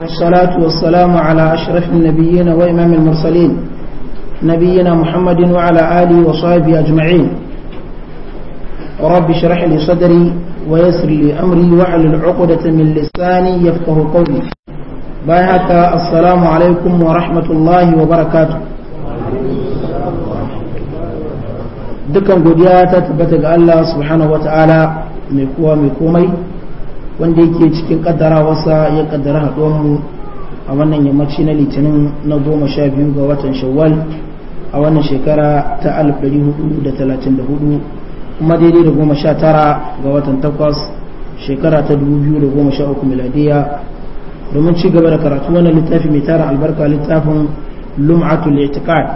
والصلاة والسلام على أشرف النبيين وإمام المرسلين نبينا محمد وعلى آله وصحبه أجمعين رب اشرح لي صدري ويسر لي أمري وعلى العقدة من لساني يفقه قولي بايعك السلام عليكم ورحمة الله وبركاته دكا قد ياتت بتق الله سبحانه وتعالى mai kowa mai komai wanda yake cikin wasa ya kaddara mu a wannan yammaci na litinin na goma sha biyu ga watan shawwal a wannan shekara ta 1434 kuma daidai da goma sha tara ga watan takwas shekara ta 2013 miladiya domin ci gaba da karatu wannan littafi mai tara albarka littafin lum'atul i'tiqad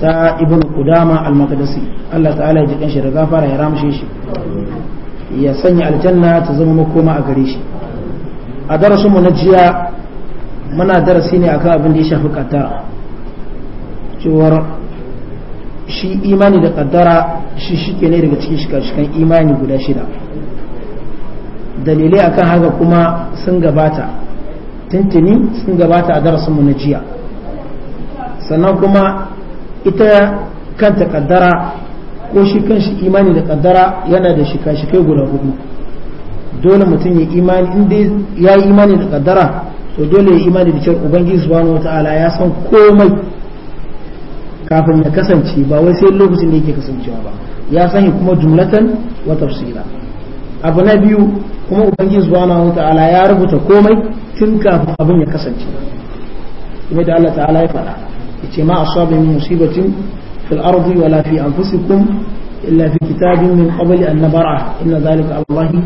ta ibn qudama al-maqdisi Allah ta'ala ya ji kanshi da gafara ya ramshe shi ya sanya aljanna ta zama makoma a gare shi a darasin mu na jiya muna darasi ne akan abin da ya shafi kaddara cewar shi imani da kaddara shi shike ne daga cikin shikashikan imani guda shida dalilai akan haka kuma sun gabata tuntuni sun gabata a darasin mu na jiya sannan kuma ita kanta kaddara ko shi kanshi imani da kaddara yana da shika kai guda hudu dole mutum ya imani in dai ya yi imani da kaddara to dole ya imani da cewa ubangiji subhanahu wataala ya san komai kafin ya kasance ba wai sai lokacin da yake kasancewa ba ya sani kuma jumlatan wa tafsila abu na biyu kuma ubangiji subhanahu wataala ya rubuta komai tun kafin abin ya kasance kuma da Allah ta'ala ya faɗa yace ma asabi min musibatin في الأرض ولا في أنفسكم إلا في كتاب من قبل أن نبرعه إن ذلك على الله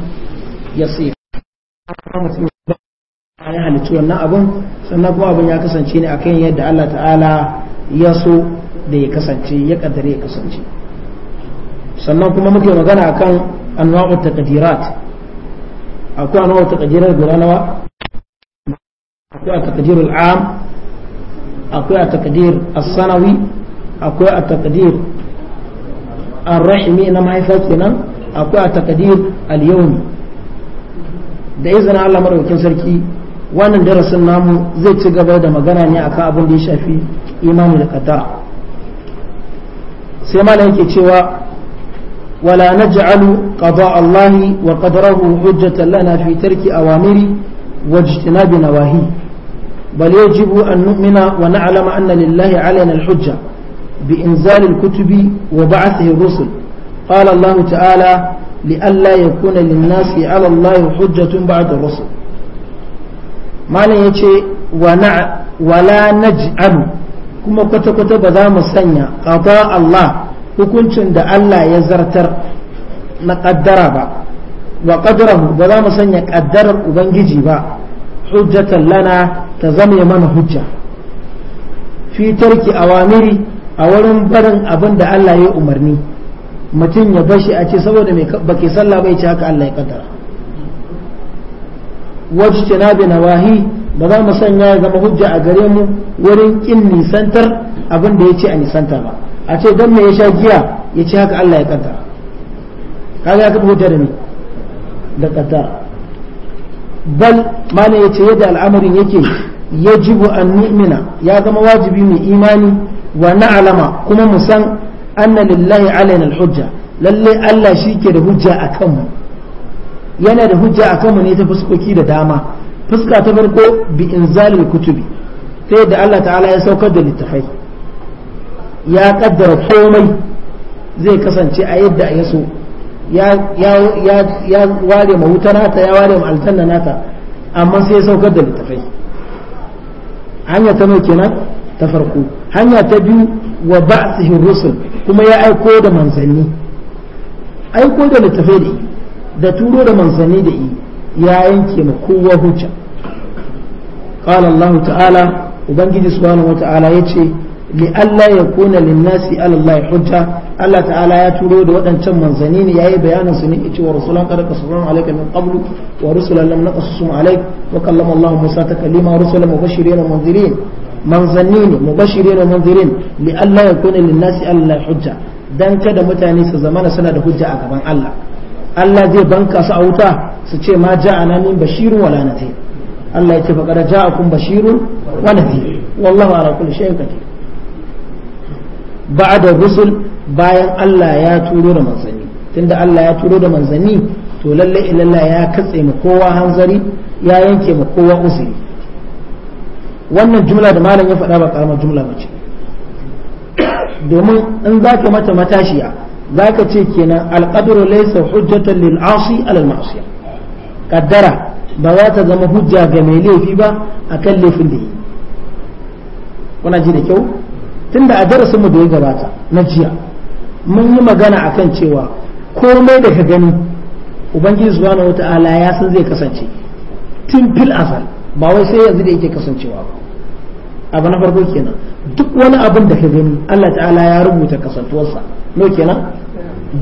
يصير ya halittu wannan abin sannan kuma abin ya kasance ne akan yadda Allah ta'ala ya so da ya kasance ya kaddare ya kasance sannan kuma muke magana akan ta taqdirat akwai anwa'u taqdirat guda nawa akwai taqdirul am akwai a takadir as-sanawi akwai a takadir arrahimi na mahaifar kenan akwai a takadir alyawmi da izina Allah madaukakin sarki wannan darasin namu zai ci gaba da magana ne akan abin da ya shafi imani da kata sai malam yake cewa wala na naj'alu qada Allah wa qadarahu hujjatan lana fi tarki awamiri wa ijtinabi nawahi bal yajibu an nu'mina wa na'lama anna lillahi 'alaina hujja بإنزال الكتب وبعثه الرسل قال الله تعالى لئلا يكون للناس على الله حجة بعد الرسل ما يجي ونع kuma نجعل كما كتا كتا بدا مسنيا قضاء الله hukuncin da Allah ya zartar na ƙaddara ba wa ƙaddarahu ba za mu sanya ƙaddarar Ubangiji ba hujjatan lana ta zama mana hujja fitarki tarki awamiri a wurin barin abin da Allah ya umarni mutum ya bashi a ce saboda mai baki sallah bai ce haka Allah ya kaddara wajce na da nawahi ba za mu sanya ya zama hujja a gare mu wurin kin nisantar abin da ya ce a nisanta ba a ce don me ya sha giya ya ce haka Allah ya kaddara kaga ya kafa hujja da ni da kaddara bal mana ya ce yadda al'amarin yake yajibu an nimina ya zama wajibi mai imani wa na'lama kuma mu san anna lillahi alaina alhujja lalle Allah shi ke da hujja a kanmu yana da hujja a kanmu ne ta fuskoki da dama fuska ta farko bi inzalil kutubi ta yadda Allah ta'ala ya saukar da littafai ya kaddara komai zai kasance a yadda ya so ya ware ma wuta nata ya ware ma aljanna nata amma sai ya saukar da littafai hanya ta kenan ta farko hanya ta biyu wa ba'thihi rusul kuma ya aiko da manzanni aiko da littafai da da turo da manzani da yi ya yanke ma kowa hujja qala Allah ta'ala ubangiji subhanahu wa ta'ala yace li Allah ya kona linnasi ala Allah hujja Allah ta'ala ya turo da waɗancan manzanni ne yayi bayanin su ni yace wa rasulan qad qasasna alayka min qablu wa rusulan lam naqassum alayk wa kallama Allah Musa takalima rusulan mubashirin wa mundirin manzanni ne mubashirin wa manzirin li Allah ya kuna lin nasi Allah hujja dan kada mutane su zamana suna da hujja a gaban Allah Allah zai banka su a wuta su ce ma ja'ana min bashirun wala nadhir Allah ya ce fa kada ja'akum bashirun wa nadhir wallahu ala kulli shay'in qadir ba'da rusul bayan Allah ya turo da manzanni tunda Allah ya turo da manzanni to lalle ilalla ya katse ma kowa hanzari ya yanke ma kowa usiri wannan jumla da malam ya faɗa ba karamar jumla ba ce domin in za ka mata matashiya za ka ce kenan alƙadar laisa hujjatan lil asi alal ma'siya kaddara ba za ta zama hujja ga mai laifi ba akan laifin da yi kuna ji da kyau tunda a darasin mu da ya gabata na jiya mun yi magana akan cewa komai da ka gani ubangiji subhanahu wata'ala ya san zai kasance tun fil asal ba wai sai yanzu da yake kasancewa ba abu na farko kenan duk wani abin da ka gani Allah ta'ala ya rubuta kasantuwarsa no kenan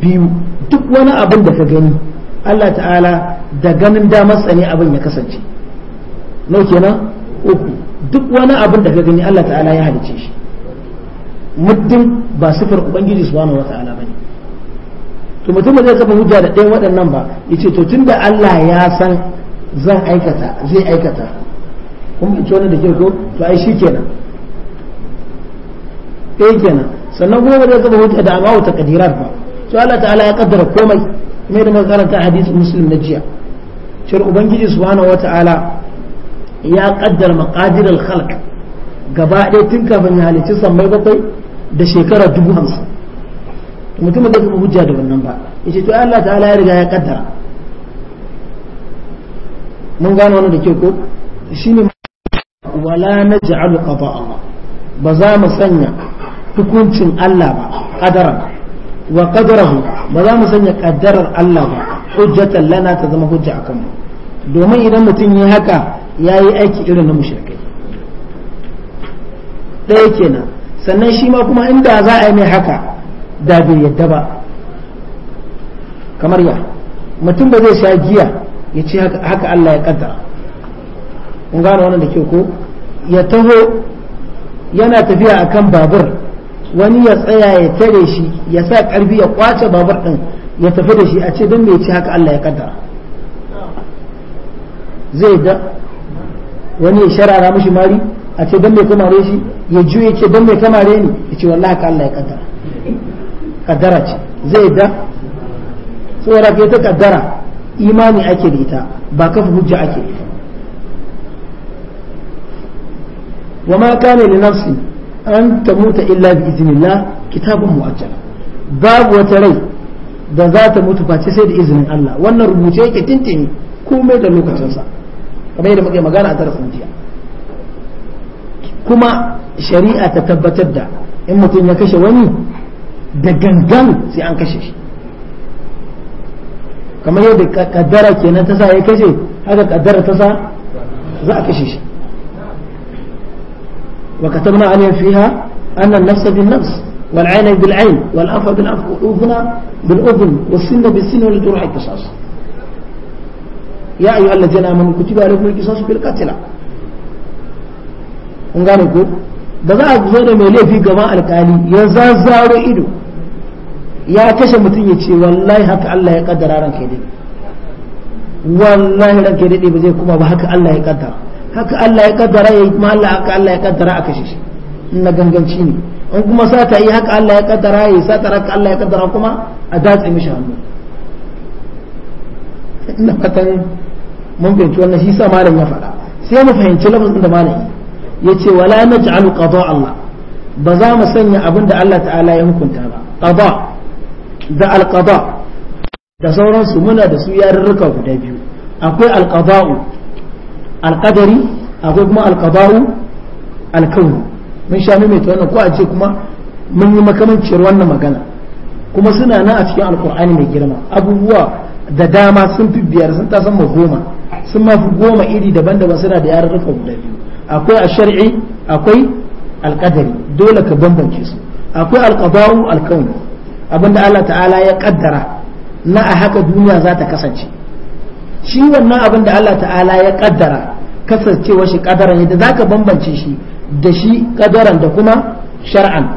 biyu duk wani abin da ka gani Allah ta'ala da ganin damarsa ne abin ya kasance no kenan uku duk wani abin da ka gani Allah ta'ala ya halice shi muddin ba sifar ubangiji subhanahu ta'ala bane to mutum zai kafa hujja da ɗayan waɗannan ba yace to tunda Allah ya san zan aikata zai aikata kun bincin wani da ke ko to ai shi kenan ɗaya eh kenan sannan kuma ba zai zama hujja da amawu ta kadirar ba to Allah ta'ala ya kaddara komai mai da karanta hadisin muslim na jiya shir ubangiji subhanahu wata'ala ya kaddara maqadir al-khalq gaba ɗaya tun kafin ya halicci sammai bakwai da shekara dubu hamsin mutumin da kuma hujja da wannan ba ya ce to Allah ta'ala ya riga ya kaddara mun gano wani da ke ko ne. wala na qada Allah ba za mu sanya hukuncin Allah ba qadara wa qadarahu ba za mu sanya qaddarar Allah ba hujjatan lana ta zama hujja akan mu domin idan mutum yi haka yayi aiki irin na mushrikai ɗaya kenan sannan shi ma kuma in inda za a yi mai haka da bai yadda ba kamar ya mutum ba zai sha giya ya ce haka Allah ya kaddara kun gane wannan da ke ko ya taho yana tafiya akan babur wani ya tsaya ya tare shi ya sa karfi ya kwace babur din ya tafi da shi a ce don me ci haka Allah ya kaddara zai da wani ya sharara mishi mari a ce don me kamare shi ya juye ce don me kamare ni ya ce wallahi haka Allah ya kaddara kaddara ce zai da saboda kai ta kaddara imani ake da ita ba kafa hujja ake da ita وما كان لنفس أن تموت إلا بإذن الله كتاب مؤجل باب وتري da za ta mutu face sai da izinin Allah wannan rubuce yake tintini komai da lokacinsa kamar yadda muke magana a darasin jiya kuma shari'a ta tabbatar da in mutum ya kashe wani da gangan sai an kashe shi kamar yadda kaddara kenan ta sa ya kashe haka kaddara ta sa za a kashe shi وكتبنا عليهم فيها أن النفس بالنفس والعين بالعين والأف بالأف والأذن بالأذن والسن بالسن والجرح القصاص يا أيها الذين آمنوا كتب عليكم القصاص بالقتلى kun gane ko da za a zo da mai laifi gaban alkali ya zazzaro ido ya kashe mutum ya ce wallahi haka Allah ya kaddara ranka ya daɗe wallahi ranka ya ba zai kuma ba haka Allah ya kaddara haka Allah ya kaddara ya yi kuma Allah haka Allah ya kaddara a kashe shi na ganganci ne in kuma sata yi haka Allah ya kaddara ya yi sata haka Allah ya kaddara kuma a datse mishi hannu ina fatan mun fahimci wannan shi sa malam ya faɗa sai mu fahimci lafazin da malam ya ce wala naj'alu qada Allah ba za mu sanya abin da Allah ta'ala ya hukunta ba qada da alqada da sauransu muna da su yarurruka guda biyu akwai alqada'u alqadari akwai kuma alqada'u alkauni mun sha mai wannan ko a ce kuma mun yi makamanciyar wannan magana kuma suna nan a cikin alkur'ani mai girma abubuwa da dama sun fi biyar sun tasan ma goma sun mafi goma iri daban-daban suna da rufa guda biyu akwai a shar'i akwai alkadari dole ka bambance su akwai alqada'u alkauni abinda Allah ta'ala ya ƙaddara na a haka duniya za ta kasance shi wannan abin da Allah ta'ala ya kaddara kasancewa shi kadaran yadda zaka bambance shi da shi kadaran da kuma shar'an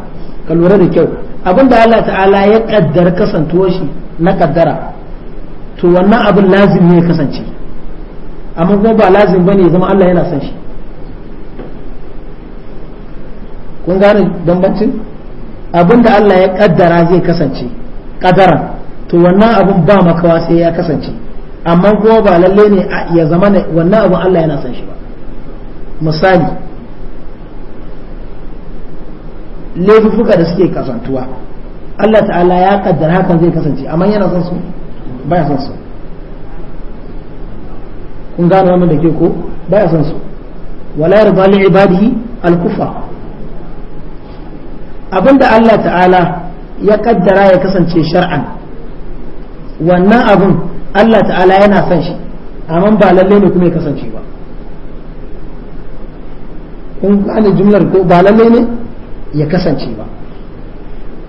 ka lura da kyau abin da Allah ta'ala ya kaddara kasantuwa shi na kaddara to wannan abin lazim ne ya kasance amma kuma ba lazim ba ya zama Allah yana son shi kun gane bambancin abin da Allah ya kaddara zai kasance kadaran to wannan abin ba makawa sai ya kasance amma kuma ba lalle ne ya zama wannan abin Allah yana son shi ba misali fuka da suke kasantuwa Allah ta'ala ya kaddara hakan zai kasance amma yana son su ya son su kun gano wannan da ke ko ya son su wala yarda li ibadihi al-kufa abinda Allah ta'ala ya kaddara ya kasance shar'an wannan abun Allah ta'ala yana son shi amma ba lalle ne kuma ya kasance ba kun gane jumlar ko ba lalle ne ya kasance ba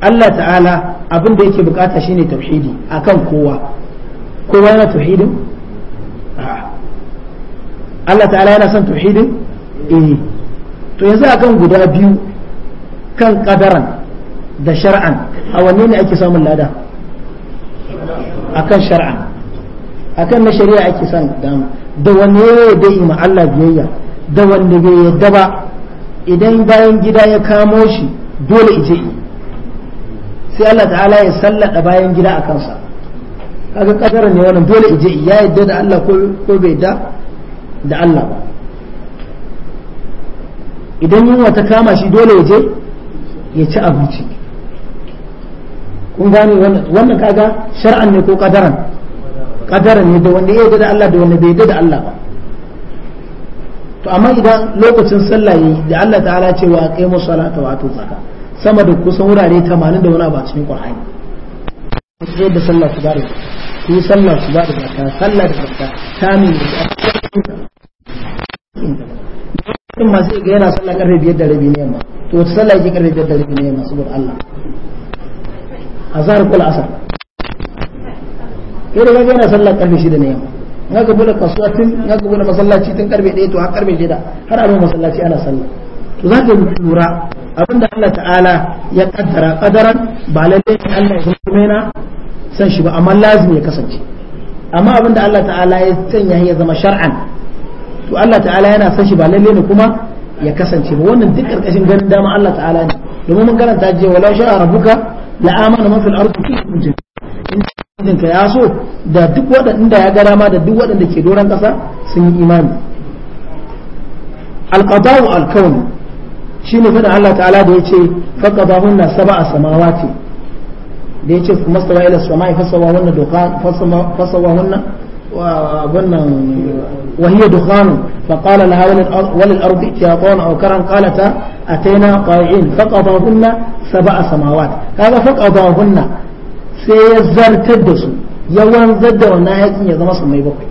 Allah ta'ala abin da yake bukata shine tauhidi akan kowa kowa yana tauhidin Allah ta'ala yana son tauhidin eh to yanzu akan guda biyu kan kadaran da shar'an a wanne ne ake samun lada akan shar'an akan na shari'a ake son dama da wanne ya da ima Allah biyayya da wanda bai yadda ba idan bayan gida ya kamo shi dole ije yi sai Allah ta'ala ya sallada bayan gida a kansa kaga kadara ne wannan dole ije yi ya yadda da Allah ko bai da da Allah ba idan yunwa ta kama shi dole ya je ya ci abinci kun gane wannan kaga shar'an ne ko kadaran kadara ne da wanda ya yarda da Allah da wanda bai yarda da Allah ba to amma idan lokacin sallah yi da Allah ta'ala cewa wa qimu salata wa atu zakat sama da kusan wurare 80 da wani abu a cikin Qur'ani sai da sallah su bari ku sallah su bari ta sallah da zakka kamin da in masu ga yana sallah karfe biyar da rabi ne ma to wata sallah yake karfe biyar da rabi ne ma saboda Allah azhar kul asar kai da kaga yana sallah karfe shida ne yamma in aka bude kasuwa tun in aka bude masallaci tun karfe ɗaya to har karfe shida har a masallaci ana sallah to za ka lura abinda Allah ta'ala ya kaddara kadaran ba lalle Allah ya kuma yana san shi ba amma lazim ya kasance amma abinda Allah ta'ala ya sanya ya zama shar'an to Allah ta'ala yana san shi ba lallai ne kuma ya kasance ba wannan duk karkashin ganin dama Allah ta'ala ne domin mun karanta je wala sha'a rabbuka la amana man fil ardi kullum jami'a ka ya so da duk waɗanda ya ga dama da duk waɗanda ke doron ƙasa sun yi imani alqada'u shi shine faɗin Allah ta'ala da yace faqadahunna sab'a ce da yace kuma sawa ila samai fasawahunna duqan fasawahunna wa wannan wa hiya dukhan فقال لها وللأرض ائتيا طوعا أو كرها قالتا أتينا طائعين فقضاهن سبع سماوات هذا فقضاهن sai ya zartar da su ya wanzar da wannan haƙin ya zama sammai bakwai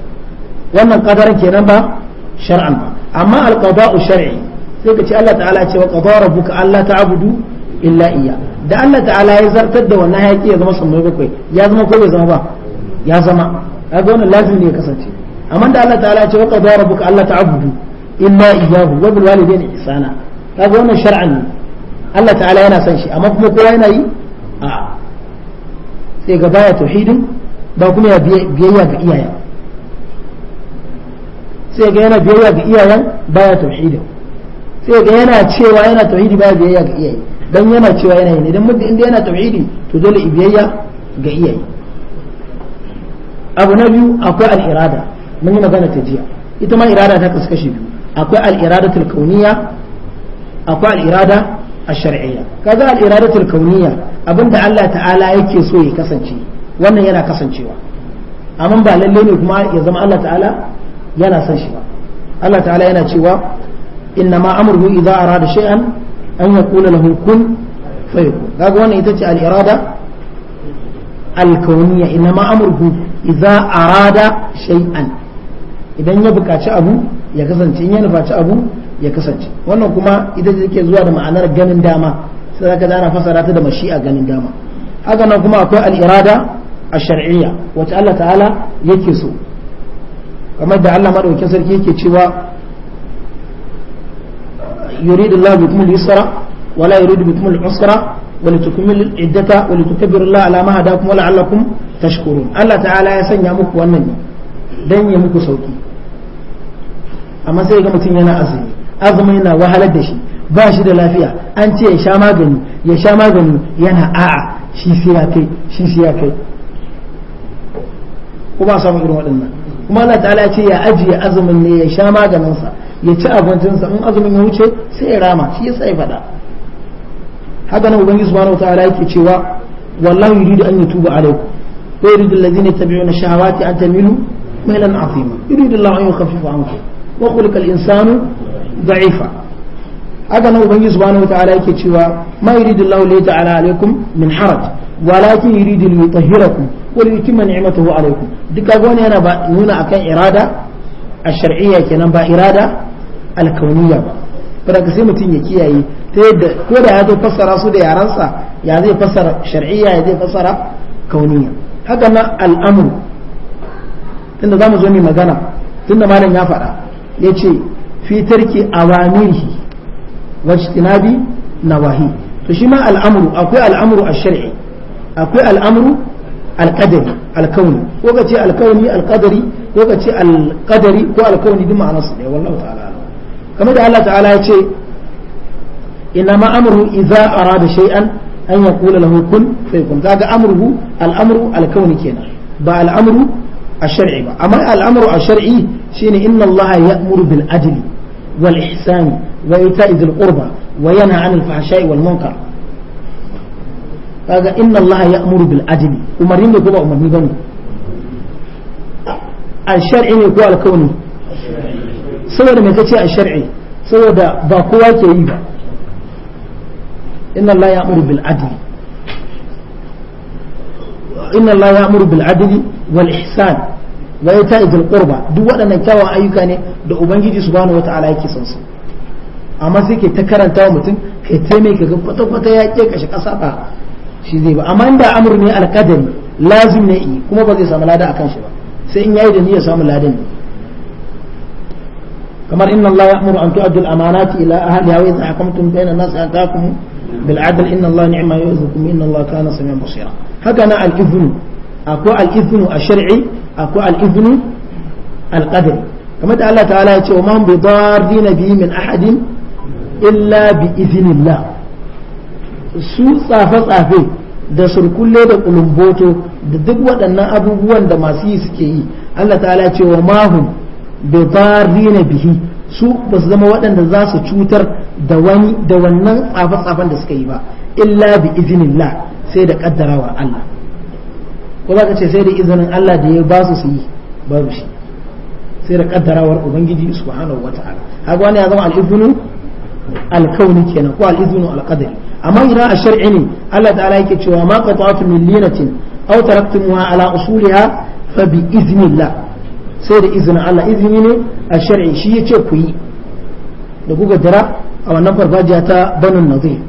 wannan qadarin kenan ba shar'an ba amma alqada'u shar'i sai ka ce Allah ta'ala ya ce wa qadara rabbuka alla ta'budu illa iya da Allah ta'ala ya zartar da wannan haƙi ya zama sammai bakwai ya zama ko bai zama ba ya zama kaga wannan lazim ne ya kasance amma da Allah ta'ala ya ce wa qadara rabbuka alla ta'budu illa iyyahu wa bil walidayni ihsana kaga wannan shar'an ne Allah ta'ala yana son shi amma kuma kowa yana yi a'a sai ga baya tauhidin ba kuma ya biyayya ga iyayen sai ga yana biyayya ga iyayen baya tauhidin sai ga yana cewa yana tauhidi baya biyayya ga iyaye dan yana cewa yana yin idan mutum inda yana tauhidi to dole biyayya ga iyaye abu na biyu akwai al'irada mun yi magana ta jiya ita ma irada ta kasu biyu akwai al'irada kauniya akwai al'irada الشرعية كذا الإرادة الكونية أبن الله تعالى يكي سوي كسنشي وانا ينا كسنشي أما با للين كما يزم الله تعالى ينا سنشي الله تعالى ينا شوا إنما أمره إذا أراد شيئا أن يقول له كن فيكون كذا وانا يتجي الإرادة الكونية إنما أمره إذا أراد شيئا إذا يبقى أبو يكسنشي ينفع أبو ya kasance wannan kuma ita ce take zuwa da ma'anar ganin dama sai zaka zana fasara ta da mashi'a ganin dama haka nan kuma akwai al-irada ash-shar'iyya wacce Allah ta'ala yake so kamar da Allah madaukakin sarki yake cewa yuridu Allah bikum al-yusra wa la yuridu bikum al-usra wa litukmilu al-iddata wa litukabbiru Allah ala ma hadakum wa la'allakum tashkurun Allah ta'ala ya sanya muku wannan dan ya muku sauki amma sai ga mutum yana azumi azumi na wahalar da shi ba shi da lafiya an ce ya sha magani ya sha magani yana a'a shi siya kai shi siya kai ko samun irin waɗannan kuma Allah ta'ala ya ce ya ajiye azumin ne ya sha maganinsa ya ci abincinsa in azumin ya wuce sai ya rama shi yasa ya faɗa haka nan ubangiji subhanahu ta'ala yake cewa wallahu yuridu an yatuba alaikum wa yuridu alladhina yattabi'una shahawati an tamilu ميلا عظيما يريد الله أن يخفف عنكم وخلق الإنسان da'ifa haka nan ubangiji subhanahu wataala yake cewa ma ala li ta'ala alaikum min haraj walakin yuridu li yutahhirakum wa li ni'matahu alaikum duk kaga wani yana nuna akan irada ash-shar'iyya kenan ba irada al-kauniyya ba fara sai mutum ya kiyaye ta yadda ko da ya zo fassara su da yaransa ya zai fassara shar'iyya ya zai fassara kauniyya haka na al'amur tunda za mu zo mai magana tunda malam ya faɗa ya ce fi tarki awamirihi wa ijtinabi nawahi to shi ma al'amru akwai al'amru ash-shar'i akwai al'amru al-qadari al-kauni ko ka ce al-kauni al-qadari ko ka ce al-qadari ko al-kauni duk ma'anar su ne wallahu ta'ala kamar da Allah ta'ala ya ce inna ma amru idza arada shay'an an yaqula lahu kun fayakun kaga amruhu al-amru al-kauni kenan ba al-amru ash-shar'i ba amma al-amru ash-shar'i shine inna Allah ya'muru bil adli والإحسان وإيتاء ذي القربى وينهى عن الفحشاء والمنكر هذا إن الله يأمر بالعدل أمرين لكم أمرين بني الشرعي يقول الكون سوى لما تتيع الشرعي سوى دا باقوة كيبا إن الله يأمر بالعدل إن الله يأمر بالعدل والإحسان wa yata'i qurba duk waɗannan kyawun ayyuka ne da ubangiji subhanahu wataala yake son su amma sai ke ta karanta wa mutum kai ta mai kaga kwata kwata ya ke kashe kasa ba shi zai ba amma amur ne alkadari lazim ne yi kuma ba zai samu lada akan shi ba sai in yayi da niyyar samu ladan ne kamar inna Allah ya'muru an tu'addu al-amanati ila ahliha wa idha hakamtum bayna an-nasi an tahkumu bil 'adl inna Allah ni'ma yu'izukum inna Allah kana samian basira haka na al-ithmu akwai al-ithmu a shari akwai al'izini alƙadir kamar da Allah ta'ala ya ce wa man bi dardina bi min ahadin illa bi su tsafe-tsafe da surkulle da kulumboto da duk waɗannan abubuwan da masu yi suke yi Allah ta'ala ce wa mahum bi dardina bihi su ba su zama waɗanda za su cutar da wani da wannan tsafe-tsafen da suka yi ba illa bi izinillah sai da kaddarawa Allah ko za ka ce sai da izinin Allah da ya ba su su yi babu shi sai da kaddarawar ubangiji subhanahu wata'ala haka wani ya zama al'izinu alkauni kenan ko al'izinu alqadari amma idan a shar'i ne Allah ta'ala yake cewa ma qata'tu min linatin aw taraktumuha ala usuliha fa bi iznillah sai da izinin Allah izini ne a shar'i shi yace ku yi da kuka dira a wannan farfajiya ta banin nazir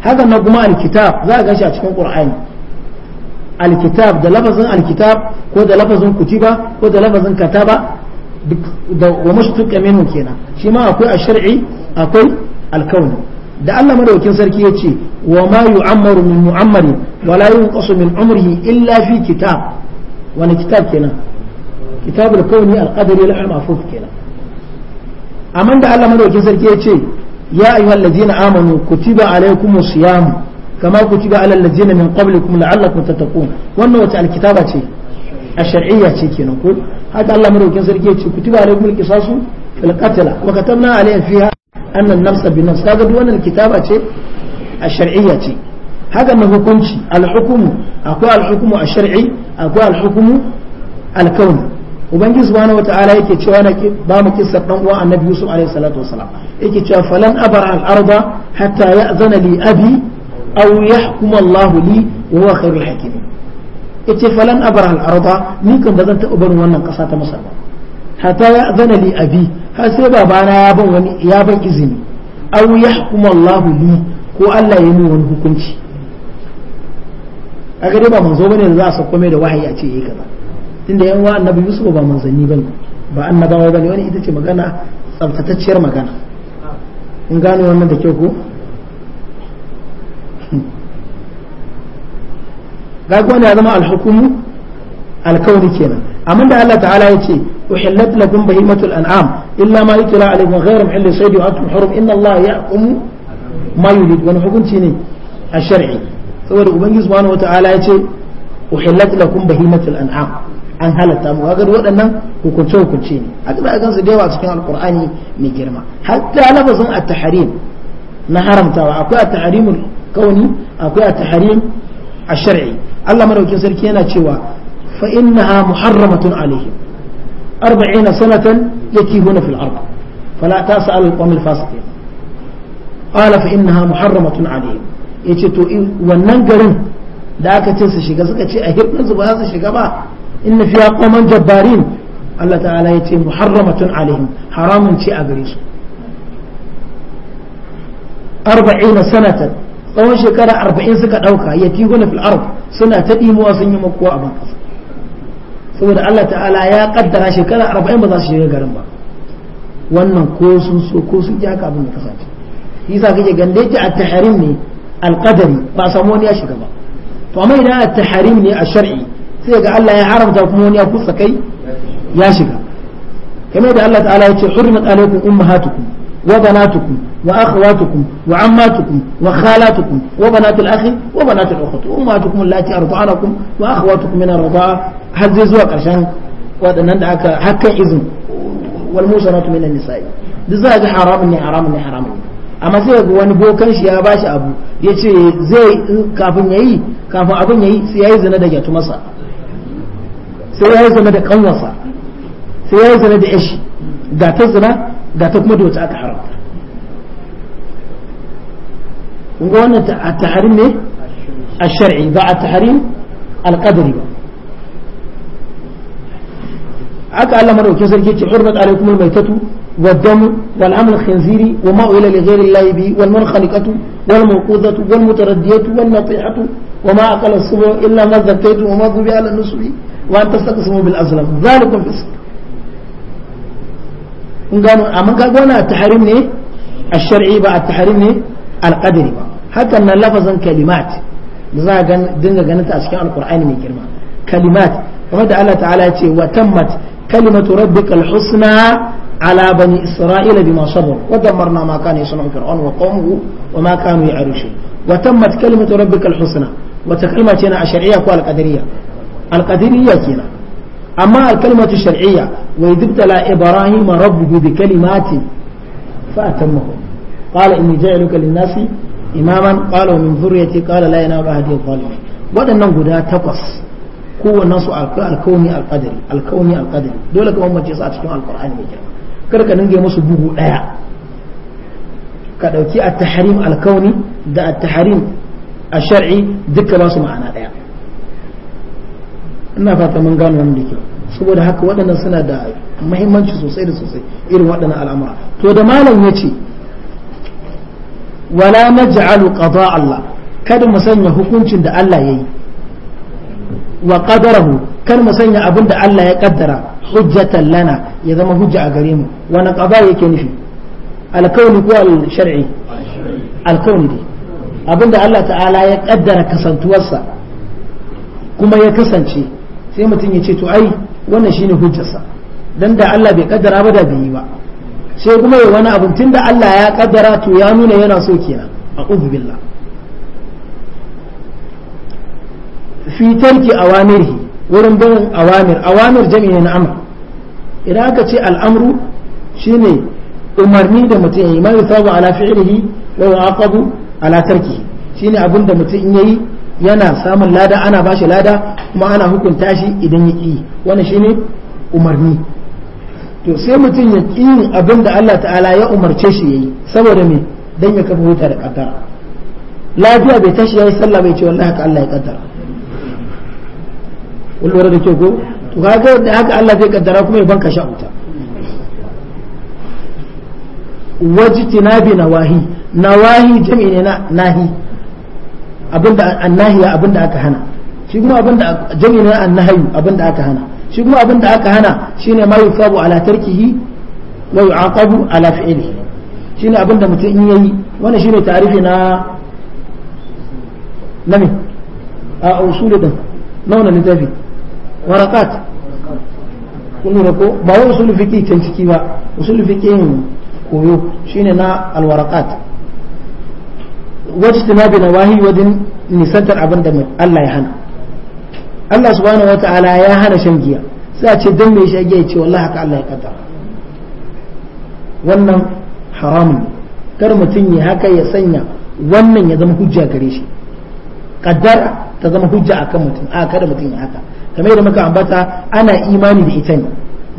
haka na kuma alkitab za a gashi a cikin qur'ani alkitab da lafazin alkitab ko da lafazin kutiba ko da lafazin kataba da wa mashtuqa minhu kenan shi ma akwai ash-shar'i akwai al-kauni da Allah madaukin sarki ya ce wa ma yu'ammaru min mu'ammari wa la yunqasu min umrihi illa fi kitab wani kitab kenan kitab al-kauni al-qadari al-mahfuz kenan amma da Allah madaukin sarki ya ce ya ayyuhallazina amanu kutiba alaykumus siyam kamar ku ci ga alal lajina min qablikum la'allakum tattaqun wannan wata alkitaba ce a shar'iyya ce kenan ko haka Allah madaukin sarki ya ce kutiba alaikumul qisasu fil qatl wa katabna alayhim fiha anna an-nafs bin nafs kaga duk wannan alkitaba ce a shar'iyya ce haka na hukunci al-hukmu akwai al-hukmu ash-shar'i akwai al-hukmu al-kawni ubangiji subhanahu wataala yake cewa na ba mu kissar dan uwa annabi yusuf alaihi salatu wasalam yake cewa falan abara al-arda hatta ya'zana li abi aw yahkum Allah li wa huwa khairul hakimin yace falan abara al-arda ni kan zan taɓa barin wannan ƙasa ta Masar ba hatta ya zana li abi har sai babana ya ban wani ya ban izini aw yahkum Allah li ko Allah ya yi wani hukunci a gare ba manzo bane da za a sauko mai da wahayi a ce yi kaza tunda yan wa annabi Yusuf ba manzanni bane ba annabawa bane wani ita ce magana tsabtatacciyar magana in gane wannan da kyau ko ga wani ya zama alhukumu alkauni kenan amma da Allah ta'ala ya ce uhillat lakum bahimatul an'am illa ma yutla alaykum ghayra muhilli sayd wa antum hurum inna Allah yahkumu ma yurid wani hukunci ne a shar'i saboda ubangiji subhanahu wata'ala ya ce uhillat lakum bahimatul an'am an halatta mu kaga waɗannan hukunce hukunce ne haka za a gansu da yawa a cikin alqur'ani mai girma hatta lafazin at-tahrim na haramtawa akwai at-tahrimul kauni akwai at-tahrim ash-shar'i Allah madaukin sarki yana cewa fa innaha muharramatun alaihim arba'ina sanatan yakihuna fil ard fala tas'al al-qawm al-fasiqin qala fa innaha muharramatun alaihim yace to wannan garin da aka ce su shiga suka ce a hibbin su ba za su shiga ba inna fiya qawman jabbarin Allah ta'ala yace muharramatun alaihim haramun ce a gare su arba'ina sanatan tsawon shekara arba'in suka ɗauka ya tiguna fil arab suna ta ɗimuwa sun yi makuwa a bankasa saboda Allah ta'ala ya kaddara shekara arba'in ba za su shiga garin ba wannan ko sun so ko sun ji haka abin da kasance shi yasa kake gande ta a tahrim ne alqadari ba samu wani ya shiga ba to amma idan a tahrim ne a shar'i sai ga Allah ya haramta kuma wani ya kusa kai ya shiga kamar da Allah ta'ala ya ce hurmat alaikum ummahatukum wa banatukum وأخواتكم وعماتكم وخالاتكم وبنات الأخ وبنات الأخت وأمهاتكم التي أرضعنكم وأخواتكم من الرضاعة هل زي عشان waɗannan da aka hakan izin wal musharatu minan nisa'i duk za a ji haramun ne haramun ne haramun amma sai ga wani bokan shi ya bashi abu ya ce zai kafin yayi kafin abin yayi sai yayi zina da yatumarsa sai sai ta ta kuma aka kun wannan a tahrim ne a shar'i ba a tahrim al ba Allah sarki ce hurmat alaikum maitatu والدم والعمل الخنزيري وما أولى لغير الله به والموقوذة والمتردية والنطيحة وما الصبع إلا ما وما ذبي على النصب وأن تستقسموا بالأزلم ذلك ba ne alƙadari ba hakan nan lafazin kalimat da za a dinga ganin ta a cikin alƙur'ani mai girma kalimat kuma da Allah ta'ala ya ce wa tammat kalimatu rabbikal husna ala bani isra'ila bima sabaru wa damarna ma kana yasna'u fir'aun wa qawmuhu wa ma kanu ya'rushun wa tammat kalimatu rabbikal husna wata kalma ce na a shari'a ko alƙadariya alƙadariya kenan أما الكلمة الشرعية وإذ ابتلى إبراهيم ربه بكلمات فأتمه qala inni ja'iluka lin-nasi imaman qala min dhurriyyati qala la yanalu ahadi adh-dhalimin waɗannan guda takwas kowannen su alkauni alqadari alkauni alqadari dole ka mace su a cikin alqur'ani mai girma kar ka dinga musu bugu ɗaya ka ɗauki at-tahrim alkauni da at-tahrim ash-shar'i duka ba su ma'ana ɗaya. ina fata mun gano wannan dake saboda haka waɗannan suna da muhimmanci sosai da sosai irin waɗannan al'amura to da malam ce. wala naj'alu qada Allah kada mu sanya hukuncin da Allah yayi wa qadarahu kar mu sanya abin da Allah ya kaddara hujjatan lana ya zama hujja a gare mu wani qada yake nufi alkauni ko al-shar'i alkauni dai abin da Allah ta'ala ya kaddara kasantuwarsa kuma ya kasance sai mutum ya ce to ai wannan shine hujjarsa dan da Allah bai kaddara ba da bai yi ba sai kuma ya wani abin da Allah ya kaddara to ya nuna yana so kenan a'udhu billah fi tarki wurin barin awamir awamir jami'in na idan aka ce al'amru shine umarni da mutum yayi ma yusabu ala fi'lihi wa yu'aqabu ala tarki shine abin da mutum in yayi yana samun lada ana bashi lada kuma ana hukunta shi idan ya yi wannan shine umarni to sai mutum ya yin abin da Allah ta'ala ya umarce shi yayi saboda me dan ya kafa wuta da kaddara lafiya bai tashi yayi sallah bai ce wallahi haka Allah ya kaddara kullum da ke ko to kaga da haka Allah zai kaddara kuma ya banka sha wuta wajtinabi nawahi nawahi jami'i ne na nahi abinda annahiya abinda aka hana shi kuma abinda jami'i ne annahi abinda aka hana shi kuma abin da aka hana shine ma yusabu ala tarkihi wa yu'aqabu ala fi'lihi shine abin da mutum in yayi wannan shine tarihi na nami a usul din nauna littafi waraqat kun lura ko ba wai usul fiqi can ciki ba usul fiqin koyo shine na alwaraqat wajtinabi nawahi wadin nisantar abin da Allah ya hana Allah subhanahu wataala ya hana shan giya sai a ce don me shan giya ce wallahi haka Allah ya kaddara wannan haramun kar mutum ya haka ya sanya wannan ya zama hujja gare shi kaddara ta zama hujja akan mutum a kada mutum ya haka kamar yadda muka ambata ana imani da ita ne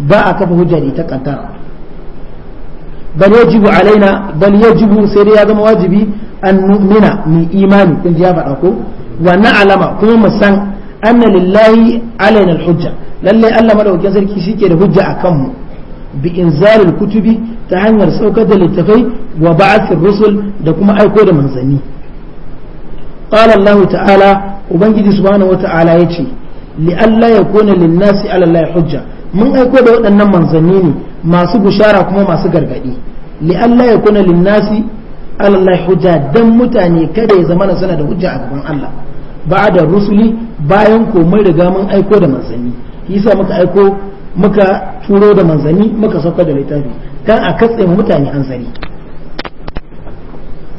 ba a kafa hujja da ita kaddara bal yajibu alaina bal yajibu sai dai ya zama wajibi an nu'mina ni imani kun ji ya faɗa ko wa na'lama kuma mu san anna lillahi alaina alhujja lalle Allah madaukakin sarki shike da hujja akan mu bi inzalil kutubi ta hanyar saukar da littafai wa ba'athir rusul da kuma aiko da manzanni qala Allah ta'ala ubangiji subhanahu wata'ala yace li alla yakuna lin nasi ala Allah hujja mun aiko da waɗannan manzanni ne masu bushara kuma masu gargadi li alla yakuna lin nasi ala Allah hujja dan mutane kada ya zama suna da hujja a gaban Allah ba'da rusuli bayan ko mun riga mun aiko da manzanni yasa muka aiko muka turo da manzanni muka sauka da littafi dan a katse mutane hanzari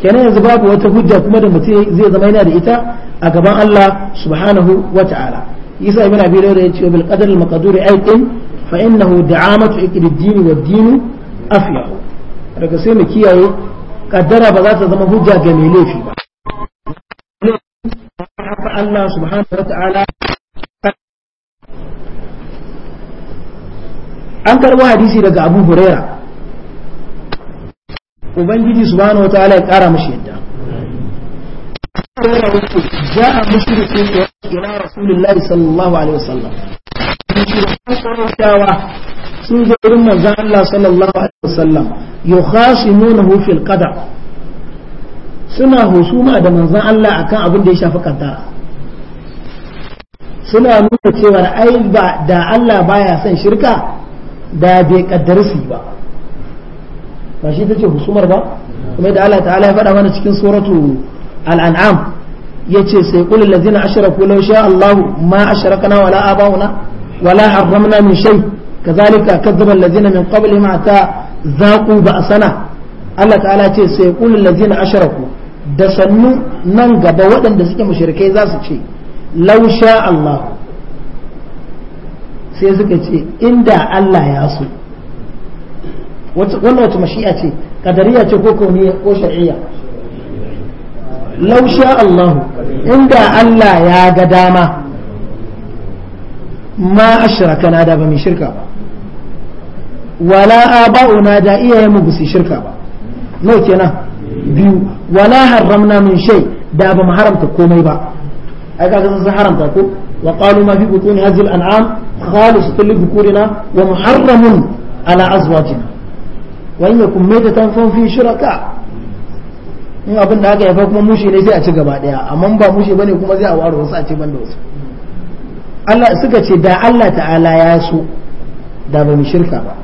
kenan yanzu babu wata hujja kuma da mutum zai zama yana da ita a gaban Allah subhanahu wa ta'ala isa ibn abi dawud yace bil qadar al maqdur aytin fa innahu da'amatu iqdiddin wa din aflahu daga sai mu kiyaye kaddara ba za ta zama hujja ga mai laifi ba Allah subhanahu wa ta'ala an karbo hadisi daga Abu Huraira Ubangiji subhanahu wa ta'ala ya ƙara mashi yadda جاء مشرك إلى رسول الله صلى الله عليه وسلم sun zo irin manzan Allah sallallahu alaihi wasallam yukhasimunahu fil qada' suna husuma da manzon Allah akan abin da ya shafi kaddara suna nuna cewa ai ba da Allah baya son shirka da bai kaddara su ba ba shi tace husumar ba kuma da Allah ta'ala ya faɗa mana cikin suratu al-an'am yace sai qul allazina ashraku law sha Allah ma ashrakna wala abauna wala harramna min shay kazalika kadzaba allazina min qablihim hatta zaqu ba'sana Allah ta'ala ce sai qul allazina ashraku da sannu nan gaba waɗanda suke mushrikai za su ce lausha Allah sai suka ce inda Allah ya so wannan wata mashi'a ce kadariya ce ko kauniya ko shari'a lausha Allah inda Allah ya ga dama ma ashraka na da ba mai shirka ba wala aba'una da iyayen mu ba su shirka ba no kenan biyu wala haramna min shay da ba mu haramta komai ba ai kaga sun haramta ko wa qalu ma fi butun hadhihi al-an'am khalisatun li dhukurina wa muharramun ala azwajina wa in yakum maitatan fa fi shuraka in abin da aka yafa kuma mushe ne sai a ci gaba daya amma ba mushe bane kuma zai a ware wasu a ci banda wasu Allah suka ce da Allah ta'ala ya so da ba mu shirka ba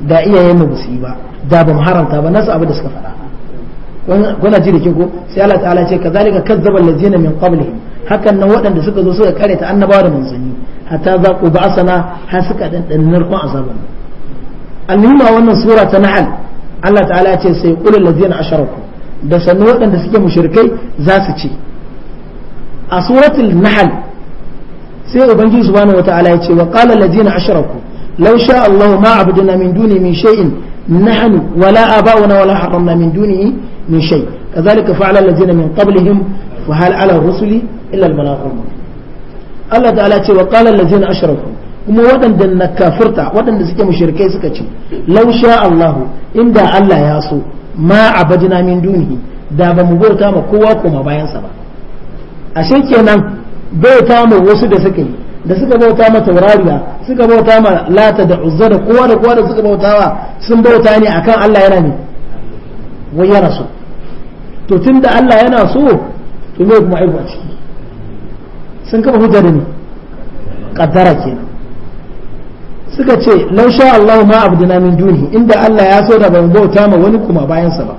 da iyayen mu ba da ba mu haramta ba nasu abu da suka faɗa kuna ji da ke ko sai Allah ta'ala ce kazalika kazzaba lazina min qablihim hakan nan waɗanda suka zo suka kare ta annabawa da manzanni hatta za ku ba asana har suka dan dan narkon azaban almuhimma wannan sura ta nahl Allah ta'ala ya ce sai qulul ladzina asharaku da sannu waɗanda suke mushrikai za su ci a suratul nahl sai ubangiji subhanahu wataala ya ce wa qala ladzina asharaku law sha Allah ma abudna min duni min shay'in نحن ولا آباؤنا ولا حرمنا من دونه من شيء كذلك فعل الذين من قبلهم وهل على الرسل إلا البلاغ المبين الله تعالى وقال الذين أشركوا kuma waɗanda na kafirta waɗanda suke mushrikai suka ce law sha Allahu inda Allah ya so ma abadina min dunihi da ba mu bauta ma kowa kuma bayansa ba ashe kenan bauta ma wasu da suka yi da suka bauta ma taurariya suka bauta ma lata da uzza da kowa da kowa da suka sun bauta ne akan Allah yana ne wai yana so to tunda Allah yana so to ne kuma aibu a ciki sun kafa hujja da ni kaddara kenan suka ce lau sha Allah ma abduna min duni inda Allah ya so da ban bauta ma wani kuma bayansa ba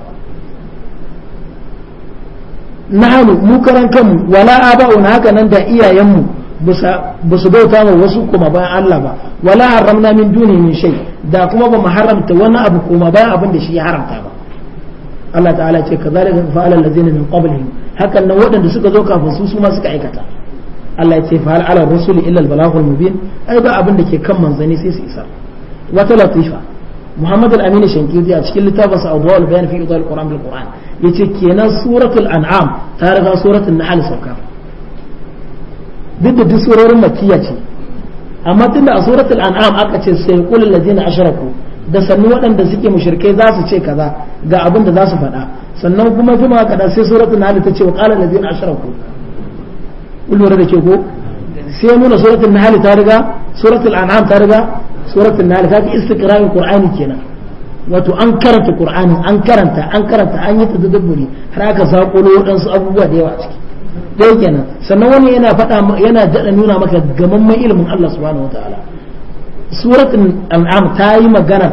na'am mu karan kanmu wala aba'una haka nan da iyayenmu ba su bauta wa wasu kuma bayan Allah ba wala haramna min duni min shay da kuma ba mu haramta wani abu kuma bayan abin da shi ya haramta ba Allah ta'ala ce kazalika fa'ala allazina min qablihim hakan nan waɗanda suka zo kafin su su ma suka aikata Allah ya ce fa'al ala rusuli illa al-balaghul mubin ai ba abin da ke kan manzani sai su isa wata latifa Muhammad al-Amin Shankiti a cikin littafin sa Adwa'ul Bayan fi Idal Qur'an bil Qur'an yace kenan suratul an'am ta riga suratul nahl sauka duk da duk surorin makkiya ce amma tunda a suratul an'am aka ce sai qul allazina ashraku da sannu waɗanda suke mushrikai za su ce kaza ga abin da za su faɗa sannan kuma kuma kada sai suratul nahl ta ce wa qala allazina ashraku kullu da ke ko sai nuna suratul nahl ta riga suratul an'am ta riga suratul nahl ta ki istiqra'in qur'ani kenan wato an karanta qur'ani an karanta an karanta an yi tadabburi har aka zaƙo waɗansu abubuwa da yawa a ciki ɗaya kenan sannan wani yana faɗa yana daɗa nuna maka gamamman ilimin Allah subhanahu wa ta'ala suratul an'am ta yi magana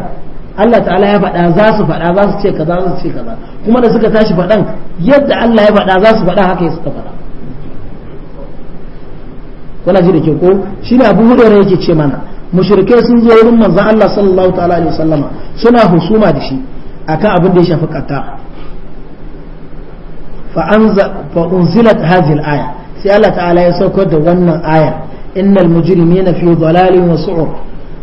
Allah ta'ala ya faɗa za su faɗa za su ce kaza za su ce kaza kuma da suka tashi faɗan yadda Allah ya faɗa za su faɗa haka ya suka faɗa kuna ji da ke ko ne Abu Hurairah yake ce mana mushrikai sun zo wurin manzon Allah sallallahu ta'ala alaihi wasallama suna husuma da shi akan abin da ya shafi kaka فأنزلت هذه الآية سألة تعالى يسوكد ونا آية إن المجرمين في ضلال وسعر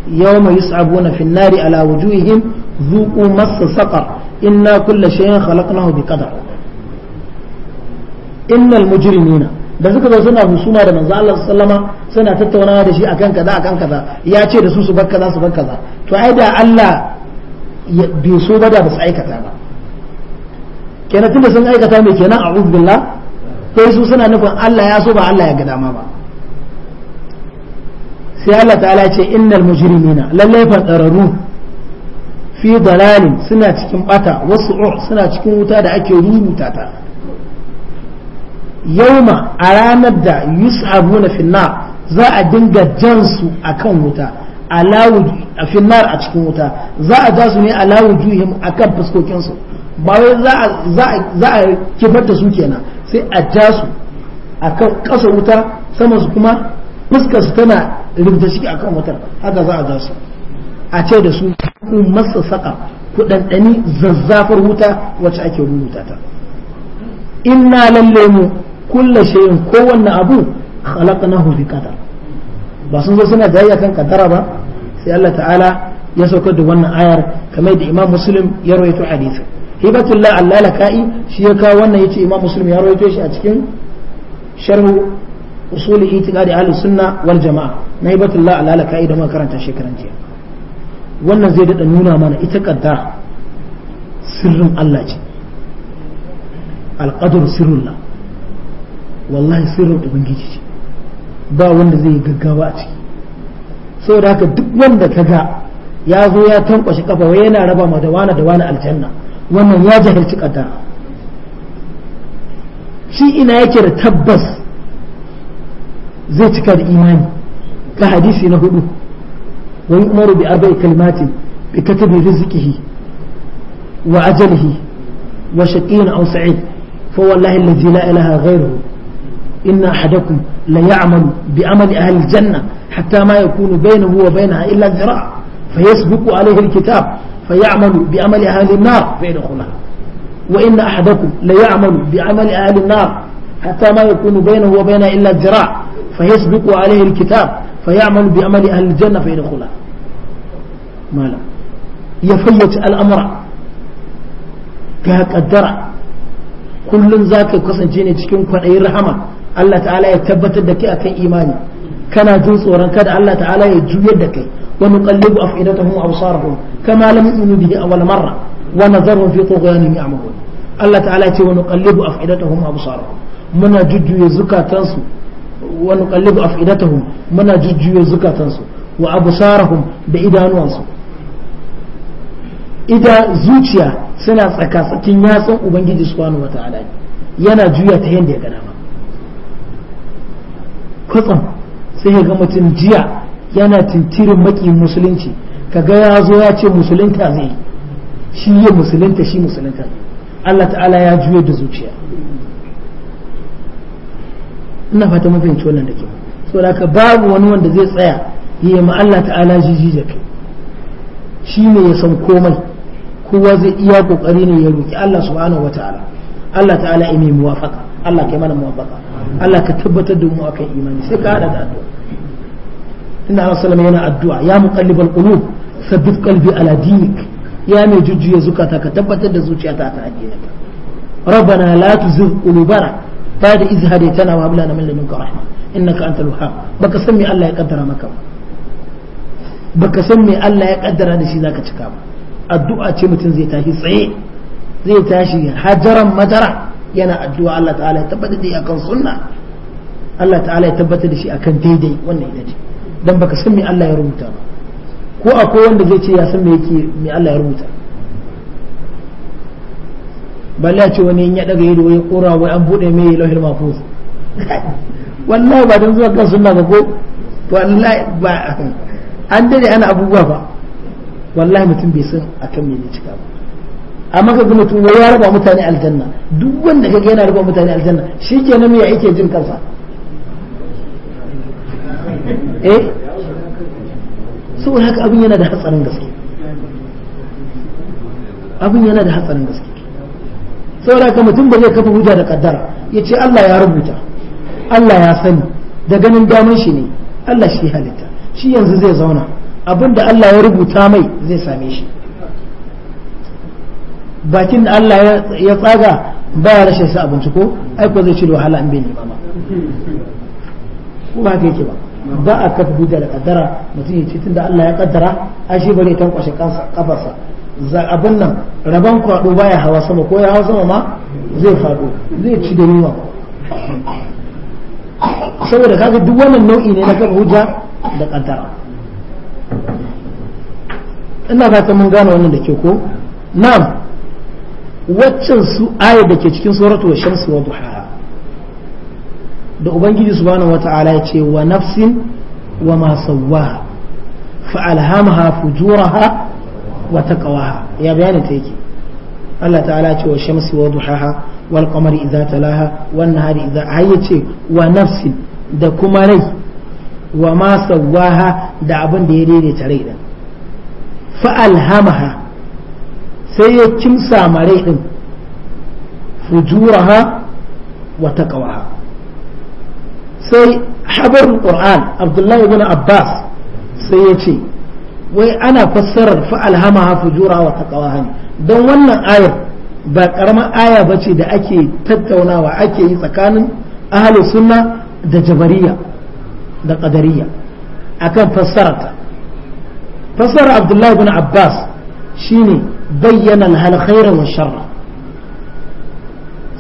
يوم يسعبون في النار على وجوههم ذوقوا مس سقر إنا كل شيء خلقناه بقدر إن المجرمين da suka zo suna husuma da manzo Allah sallama suna tattaunawa da shi akan kaza akan kaza ya ce da su su bar kaza su bar kaza to ai da Allah bai so ba da ba su aikata ba kenan tunda sun aikata mai kenan a'udhu billah sai su suna nufin Allah ya so ba Allah ya ga dama ba sai Allah ta'ala ce innal mujrimina lallai fadararru fi dalalin suna cikin bata wasu uh, suna cikin wuta da ake rubuta ta yauma a ranar da yus'abuna finnar za a dinga jansu akan wuta a finnar a cikin wuta za a ja su ne a lawujuhim akan fuskokinsu ba wai za a kifar da su kenan sai a dasu su a kan ƙasa wuta sama su kuma fuskar su tana rubuta ciki a kan wutar haka za a gasu su a ce da su ku masa saka ku zazzafar wuta wacce ake rubuta ta inna lalle mu kulla shayin kowanne abu na bi qadar ba sun zo suna jayya kan kadara ba sai Allah ta'ala ya saukar da wannan ayar kamar da Imam Muslim ya rawaito hadisin hibatullah ka'i shi ya kawo wannan yace imam muslim ya rawaito shi a cikin sharhu usul itiqadi ahlus sunna wal jamaa na hibatullah ka'i da muka karanta shekaran jiya wannan zai dada nuna mana ita kadda sirrin Allah ce alqadar sirrullah wallahi sirrin ubangiji ce ba wanda zai gaggawa a ciki saboda haka duk wanda ga ya zo ya tankwashe kafa wai yana raba ma da da wani aljanna wannan ya jahilci kaddara shi ina yake da tabbas zai cika da imani ka hadisi na hudu wa yu'maru bi arba'i kalimatin bi katabi rizqihi wa ajalihi wa shaqiyyin aw sa'id fa wallahi allazi la ilaha ghayruhu inna ahadakum la إن أحدكم ليعمل بعمل أهل الجنة حتى ما يكون بينه وبينها إلا ذراع فيسبق عليه الكتاب فيعمل بعمل أهل النار فيدخلها وإن أحدكم ليعمل بعمل أهل النار حتى ما يكون بينه وبينها إلا الذراع فيسبق عليه الكتاب فيعمل بعمل أهل الجنة فيدخلها ما لا يفيت الأمر كهك الدرع كل ذاك قصن جيني تشكين كون أي رحمة الله تعالى يتبت الدكاء أكي إيماني كان جنس ورنكاد الله تعالى يجوي دكي ونقلب أفئدتهم وأبصارهم كما لم يؤمنوا به أول مرة ونذرهم في طغيانهم يعمهون الله تعالى ونقلب أفئدتهم وأبصارهم منا ججو يزكى تنسو ونقلب أفئدتهم منا ججو يزكى تنسو وأبصارهم بإدان وانسو إذا زوجيا سنة سكاسة تنياسا وبنجي سبحانه وتعالى yana juya ta yadda ya gana ba kwatsam sai ya ga mutum jiya yana tintirin maki musulunci kaga ya zo ya ce musulunta zai shi ya musulunta shi musulunta Allah ta'ala ya juya da zuciya ina fata mafahimci wannan da ke so da ka babu wani wanda zai tsaya ya yi ma Allah ta'ala jiji da kai shi ne ya san komai kowa zai iya kokari ne ya roki Allah subhanahu wata'ala Allah ta'ala ya mai muwafaka Allah ka yi mana muwafaka Allah ka tabbatar da mu akan imani sai ka hada da addu'a إن الله صلى الله عليه وسلم الدعاء يا مقلب القلوب ثبت قلبي على دينك يا من جوجي زكاتك تبت الزوجيات أتعجيك ربنا لا تزغ قلوبنا بعد إذ هديتنا وهب لنا من لدنك رحمة إنك أنت الوهاب بك سمي الله يقدر مكة بك سمي الله يقدر أن الشيء ذاك تكاب الدعاء تمتن زي تاهي صحيح زي تاهي حجرا مجرا ينا الدعاء الله تعالى تبت دي أكن سنة الله تعالى تبت دي أكن ديدي وانا إلى دي dan baka san me Allah ya rubuta ba ko akwai wanda zai ce ya san me yake me Allah ya rubuta balla ce wani ya daga da ya kora wai an bude mai lauhil mahfuz wallahi ba dan zuwa ga sunna ba ko wallahi ba an dade ana abubuwa ba wallahi mutum bai san akan me ne cika ba amma ka ga mutum ya raba mutane aljanna duk wanda kaga yana raba mutane aljanna shikenan me yake jin kansa eh saboda haka abin yana da hatsarin gaske abin yana da hatsarin gaske saboda haka mutum ba zai kafa hujja da kaddara ya ce Allah ya rubuta Allah ya sani da ganin daman shi ne Allah shi halitta shi yanzu zai zauna abin da Allah ya rubuta mai zai same shi bakin da Allah ya tsaga ya rashin sa abinci ko aiko zai ci da wahala an bai nema ba ko ba haka yake ba ba a kafa hujja da kaddara mutum ya ce tun da Allah ya kaddara ashe bane tankwashe kansa kafarsa abin nan rabon kwado baya hawa sama ko ya hawa sama ma zai faɗo zai ci da niwa saboda kaga duk wannan nau'i ne na kafa hujja da kaddara ina ta mun gane wannan da ke ko na'am waccan su ayar da ke cikin suratu wa shamsu wa duhaha da ubangiji subhanahu wata'ala ya ce wa nafsin wa ma sawwaha fa alhamaha fujuraha wa taqwaha ya bayani ta yake Allah ta'ala ya ce wa shamsi wa duhaha wal kamar idza talaha wan nahari idza hayyace wa nafsin da kuma rai wa ma da abin da ya daidaita rai din fa alhamaha sai ya kimsa marai din fujuraha wa taqwaha sai habar qur'an abdullahi ibn abbas sai ya ce wai ana fassarar fa alhamaha jura wa taqwaha don wannan ayar ba ƙaramar aya ce da ake tattaunawa ake yi tsakanin ahli sunna da jabariya da ƙadariya akan fassararta fassarar abdullahi ibn abbas shine bayyana al wa sharra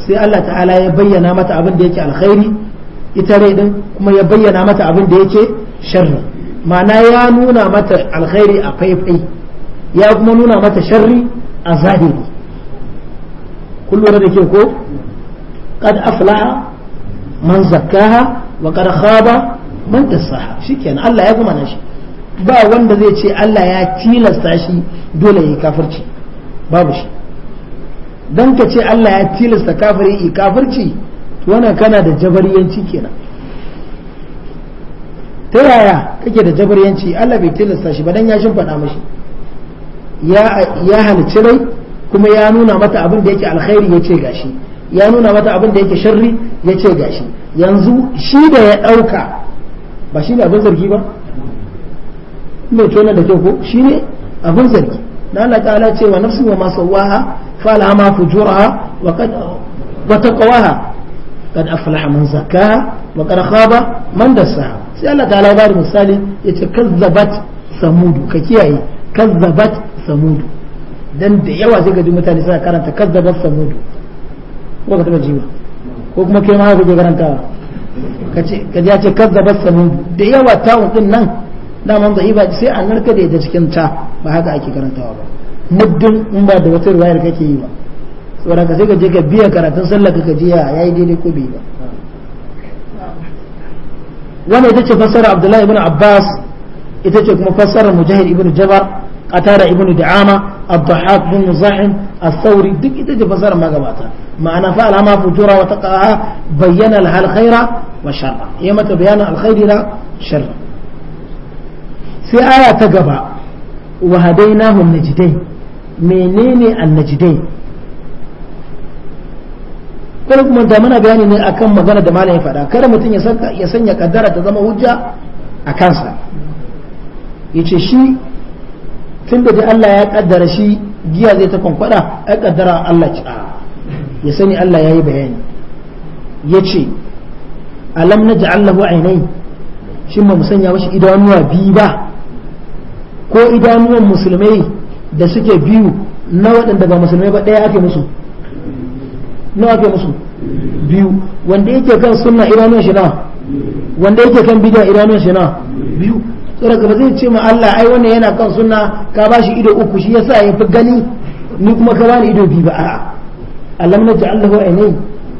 sai Allah ta'ala ya bayyana mata abin da yake alkhairi ita rai din kuma ya bayyana mata abin da yake sharri ma'ana ya nuna mata alkhairi a faifai ya kuma nuna mata sharri a zahiri kun lura da ke ko kad aflaha man zakkaha wa kad khaba man dassaha shikenan Allah ya kuma shi ba wanda zai ce Allah ya tilasta shi dole ya kafirci babu shi don ka ce Allah ya tilasta kafiri i kafirci wana kana da jabariyanci kenan ta yaya kake da jabariyanci Allah bai tilasta shi ba dan ya faɗa mashi ya halici rai kuma ya nuna mata abin da yake alkhairi ya ce gashi ya nuna mata abin da yake sharri ya ce gashi yanzu shi da ya ɗauka ba shi ne abin zargi ba mai tona da kyau ko shi ne abin zargi na Allah ta'ala cewa wa nafsu wa masawaha fa alhama fujuraha wa taqwaha kad aflaha man zakkaha wa qad khaba man dassaha sai Allah ta'ala ba da misali yace kazzabat samudu ka kiyaye kazzabat samudu dan da yawa sai ga mutane suna karanta kazzabat samudu ko ka taba ko kuma kai ma ka karanta kace ka ya samudu da yawa tawun din nan daman da iba sai an da cikin ta ba haka ake ba muddin in ba da wata ruwayar kake yi ba saboda ka sai ka je ka biya karatun sallah ka jiya ya yi daidai ko bai ba wannan ita ce fassara Abdullahi ibn Abbas ita ce kuma fassarar Mujahid ibn Jabar Qatara ibn Du'ama Abdahak bin Muzahim Al-Thawri duk ita ce fassarar magabata ma'ana fa alhama fujura wa taqaha bayyana al khaira wa sharra ya mata bayanan alkhairi da sharra sai aya ta gaba wa hadainahu najdai menene an najdai kada kuma da mana bayani ne akan magana da malam ya faɗa kada mutum ya sanya kaddara ta zama hujja a kansa yace shi tunda da Allah ya kaddara shi giya zai ta kwankwada ai kaddara Allah ci ya sani Allah ya yi bayani yace alam naj'al lahu ainai shin ba mu sanya mashi idanuwa biyu ba ko idanuwan musulmai da suke biyu na waɗanda ba musulmai ba ɗaya ake musu nawa ke musu biyu wanda yake kan sunna idanun shi na wanda yake kan bid'a idanun shi na biyu saboda ba zai ce ma Allah ai wannan yana kan sunna ka shi ido uku shi yasa ya fi gani ni kuma ka bani ido biyu ba a'a alam naj'al lahu aynay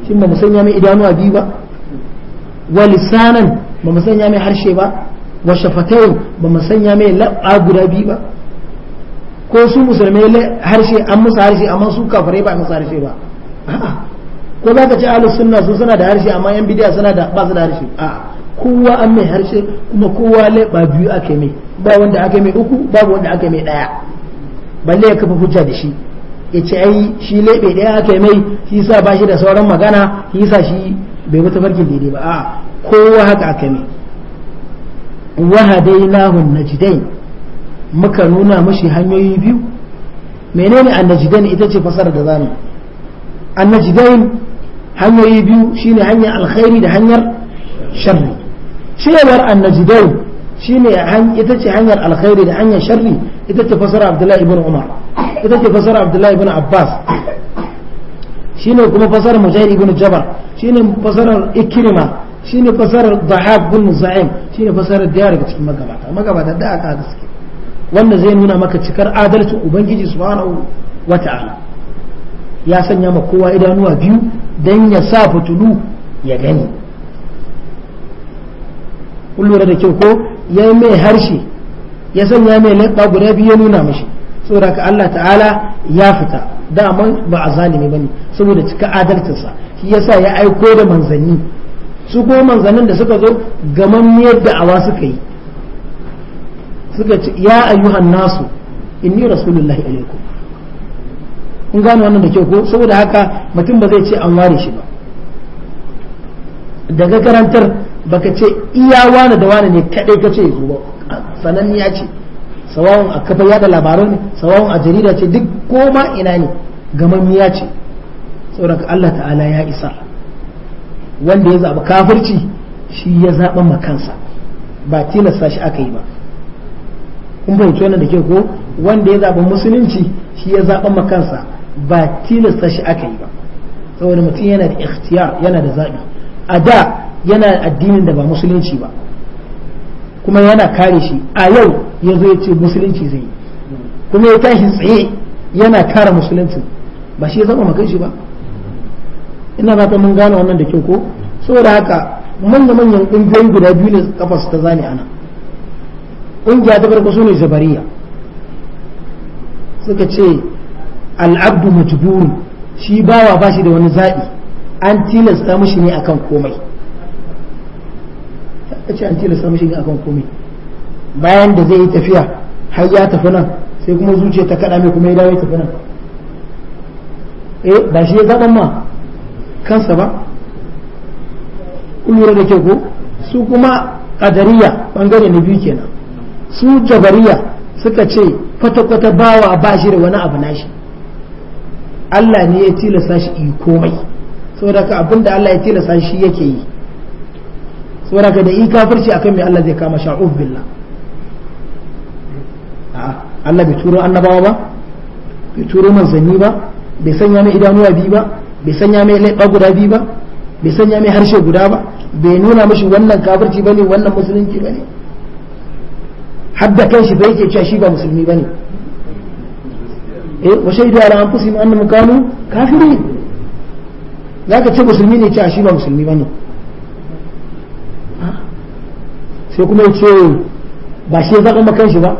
shin ba mu sanya mai idanuwa biyu ba wa lisanan ba mu sanya mai harshe ba wa shafatai ba mu sanya mai lab'a guda biyu ba ko su musulmai harshe an musu harshe amma su kafirai ba a musu harshe ba ko za ka ci ahlus sunna su suna da harshe amma yan bidiya suna da ba su da harshe a kowa an mai harshe kuma kowa laiba biyu aka mai ba wanda aka mai uku babu wanda aka mai daya balle ya kafa hujja da shi ya ce ai shi laibe daya aka mai shi sa ba shi da sauran magana shi sa shi bai mutu farkin daidai ba a'a kowa haka aka mai wahadainahun najdain muka nuna mashi hanyoyi biyu menene annajidan ita ce fasara da zamani annajidain hanyoyi biyu shine hanyar alkhairi da hanyar sharri cewar annajidain shine ita ce hanyar alkhairi da hanyar sharri ita ce fasara abdullahi ibn umar ita ce fasara abdullahi ibn abbas shine kuma fasarar mujahid ibn jabar shine fasarar ikrima shine fasarar dahab ibn za'im shine fasarar da daga cikin magabata magabata da aka haka wanda zai nuna maka cikar adalci ubangiji subhanahu wata'ala ya sanya ma kowa idanuwa biyu don ya sa fitulu ya gani kun da kyau ko ya mai harshe ya sanya mai leɓɓa guda biyu ya nuna mashi saboda ka Allah ta'ala ya fita daman ba a zalimi bane saboda cika adalcinsa shi yasa ya aiko da manzanni su ko manzannin da suka zo gamammiyar awa suka yi suka ce ya ayyuhan nasu inni rasulullahi alaikum kun gano wannan da ke ko saboda haka mutum ba zai ce an ware shi ba daga karantar baka ce iya wane da wani ne kadai ka ce zo sanan sananniya ce sawawun a kafa yada labaran ne a jarida ce duk koma ina ne ya ce saboda Allah ta'ala ya isa wanda ya zaɓi kafirci shi ya zaɓa makansa ba tilasta shi aka yi ba kun bai wannan da ke ko wanda ya zaɓi musulunci shi ya zaɓa makansa ba tilasta shi aka yi ba saboda mutum yana da ikhtiyar yana da zaɓi a da yana addinin da ba musulunci ba kuma yana kare shi a yau ya ya ce musulunci zai yi kuma ya tashi tsaye yana kare musulunci ba shi ya zama makan shi ba ina ta mun gane wannan da kyau ko saboda haka manya manyan ƙungiyoyi guda biyu ne kafa su ta zane ana ƙungiya ta farko su ne jabariya suka ce al'abdu majburu shi bawa ba shi da wani zaɓi an tilasta mashi ne akan komai ce an tilasta mashi ne akan komai bayan da zai yi tafiya har ya tafi nan sai kuma zuciya ta kaɗa mai kuma ya dawo ya tafi nan eh ba shi ya zaɓan ma kansa ba lura da ke ko su kuma ƙadariya ɓangare na biyu kenan su jabariya suka ce kwata-kwata bawa ba shi da wani abu nashi shi Allah ne ya tilasta shi yi komai saboda ka da Allah ya tilasta shi yake yi saboda ka da yi kafirci akan mai Allah zai kama sha'uf billah Allah bai turo annabawa ba bai turo manzanni ba bai sanya mai idanuwa biyu ba bai sanya mai laiɓa guda biyu ba bai sanya mai harshe guda ba bai nuna mashi wannan kafirci ba ne wannan musulunci ba ne hadda kan shi bai ke cewa shi ba musulmi ba ne وشهدوا على أنفسهم أنهم كانوا كافرين ذاك تشي مسلمين يتشي عشيبا مسلمين منه sai kuma ya ce ba shi ya zaɓa makan shi ba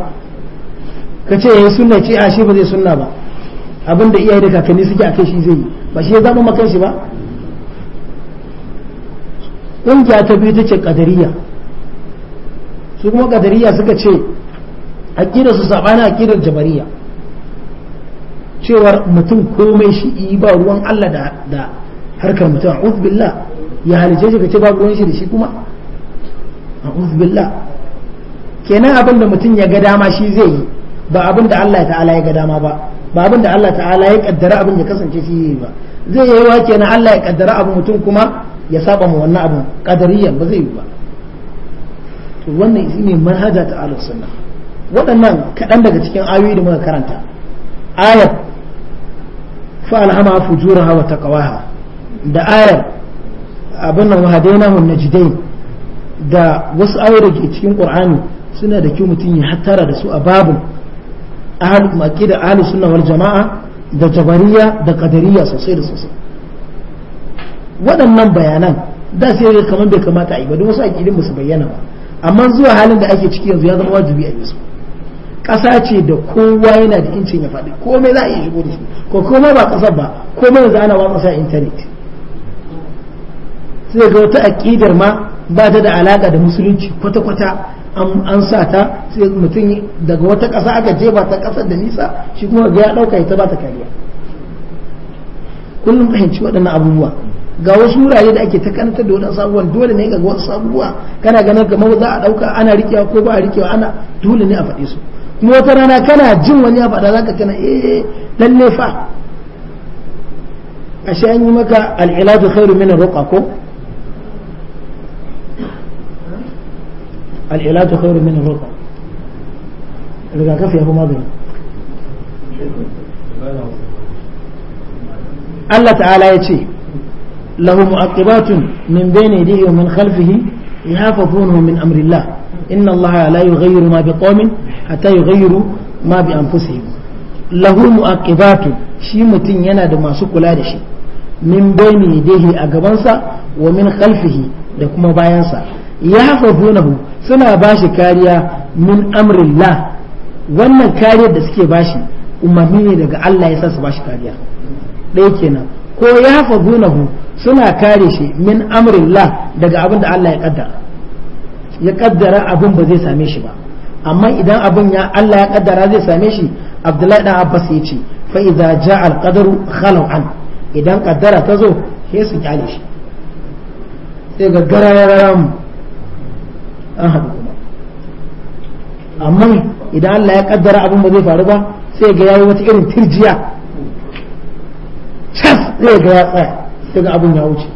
ka ce yayin eh, sunna ce a shi ba zai sunna ba abinda da iyaye da kakanni suke akai shi zai yi ba shi ya zaɓa makan shi ba ƙungiya ta biyu ta ce ƙadariya su kuma ƙadariya suka ce aƙidar su saɓana aƙidar jabariya cewar mutum komai shi yi ba ruwan Allah da harkar mutum a billah ya halice shi ce ba ruwan shi da shi kuma a billah kenan abin da mutum ya ga dama shi zai yi ba abin da Allah ta'ala ya ga dama ba ba abin da Allah ta'ala ya kaddara abin ya kasance shi yi ba zai yi wa kenan Allah ya kaddara abu mutum kuma ya saba mu wannan abin kadariyan ba zai yi ba to wannan ne manhaja ta ahlus sunna waɗannan kaɗan daga cikin ayoyi da muka karanta ayat فألهمها فجورها وتقواها da ayar abin nan wahadaina hun najidain da wasu aure ke cikin qur'ani suna da kyau mutum ya hattara da su a babu ahal maki da ahal sunna jama'a da jabariya da qadariya sosai da sosai waɗannan bayanan da sai ga kamar bai kamata a yi ba don wasu aƙidin ba su bayyana ba amma zuwa halin da ake ciki yanzu ya zama wajibi a yi su ƙasa ce da kowa yana da incin ya faɗi komai za a iya shigo da shi ko kuma ba ƙasa ba komai yanzu ana watsa sa intanet sai ga wata aƙidar ma ba ta da alaƙa da musulunci kwata-kwata an sa ta sai mutum daga wata ƙasa aka ba ta ƙasar da nisa shi kuma ga ya ɗauka ita ba ta kariya kullum fahimci waɗannan abubuwa ga wasu wurare da ake ta da waɗansu abubuwan dole ne ga wasu abubuwa kana ganin kamar za a ɗauka ana rikewa ko ba a rikewa ana dole ne a faɗi su kuma wata rana kana jin wani ya faɗa zaka tana eh lalle fa ashe an yi maka al'ilatu khairu min ruqa ko al'ilatu khairu min ruqa rigakafi ya fi magani Allah ta'ala ya ce lahu mu'aqibatun min bayni yadihi wa min khalfihi yahfazunahu min amrillah inna allaha la yughayyiru ma biqaumin hatta yughayyiru ma bi anfusihim lahu muaqibatu shi mutum yana da masu kula da shi min bayni yadihi a gabansa wa min khalfihi da kuma bayansa yahfazunahu suna bashi kariya min amrillah wannan kariyar da suke bashi umarni ne daga Allah ya sa su bashi kariya ɗaya kenan ko yahfazunahu suna kare shi min amrillah daga abin da Allah ya kaddara ya kaddara abin ba zai same shi ba amma idan abin ya Allah ya kaddara zai same shi Abdullahi dan Abbas ya ce fa idza jaa al qadaru khalu an idan kaddara ta zo sai su kyale shi sai ga gararam an haɗu kuma amma idan Allah ya kaddara abin ba zai faru ba sai ga yayi wata irin tirjiya cas zai ga ya tsaya sai ga abin ya wuce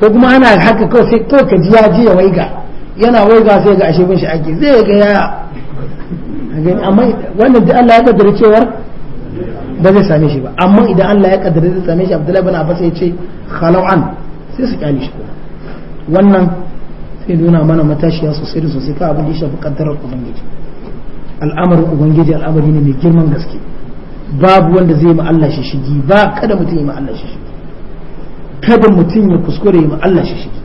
ko kuma ana haka kawai sai kawai ka ji ya ji ya waiga yana waiga sai ga ashe bin shi ake zai ga ya amma wannan da Allah ya kaddara cewar ba zai same shi ba amma idan Allah ya kaddara zai same shi Abdullahi bin Abbas ya ce khala'an sai su kyale shi wannan sai nuna mana matashiya sosai da sosai ka abin da ya shafi kaddarar ubangiji al'amarin ubangiji al'amari ne mai girman gaske babu wanda zai ma Allah shi shigi ba kada mutum ya ma Allah shi shigi kada mutum ya kuskure ya ma Allah shi shigi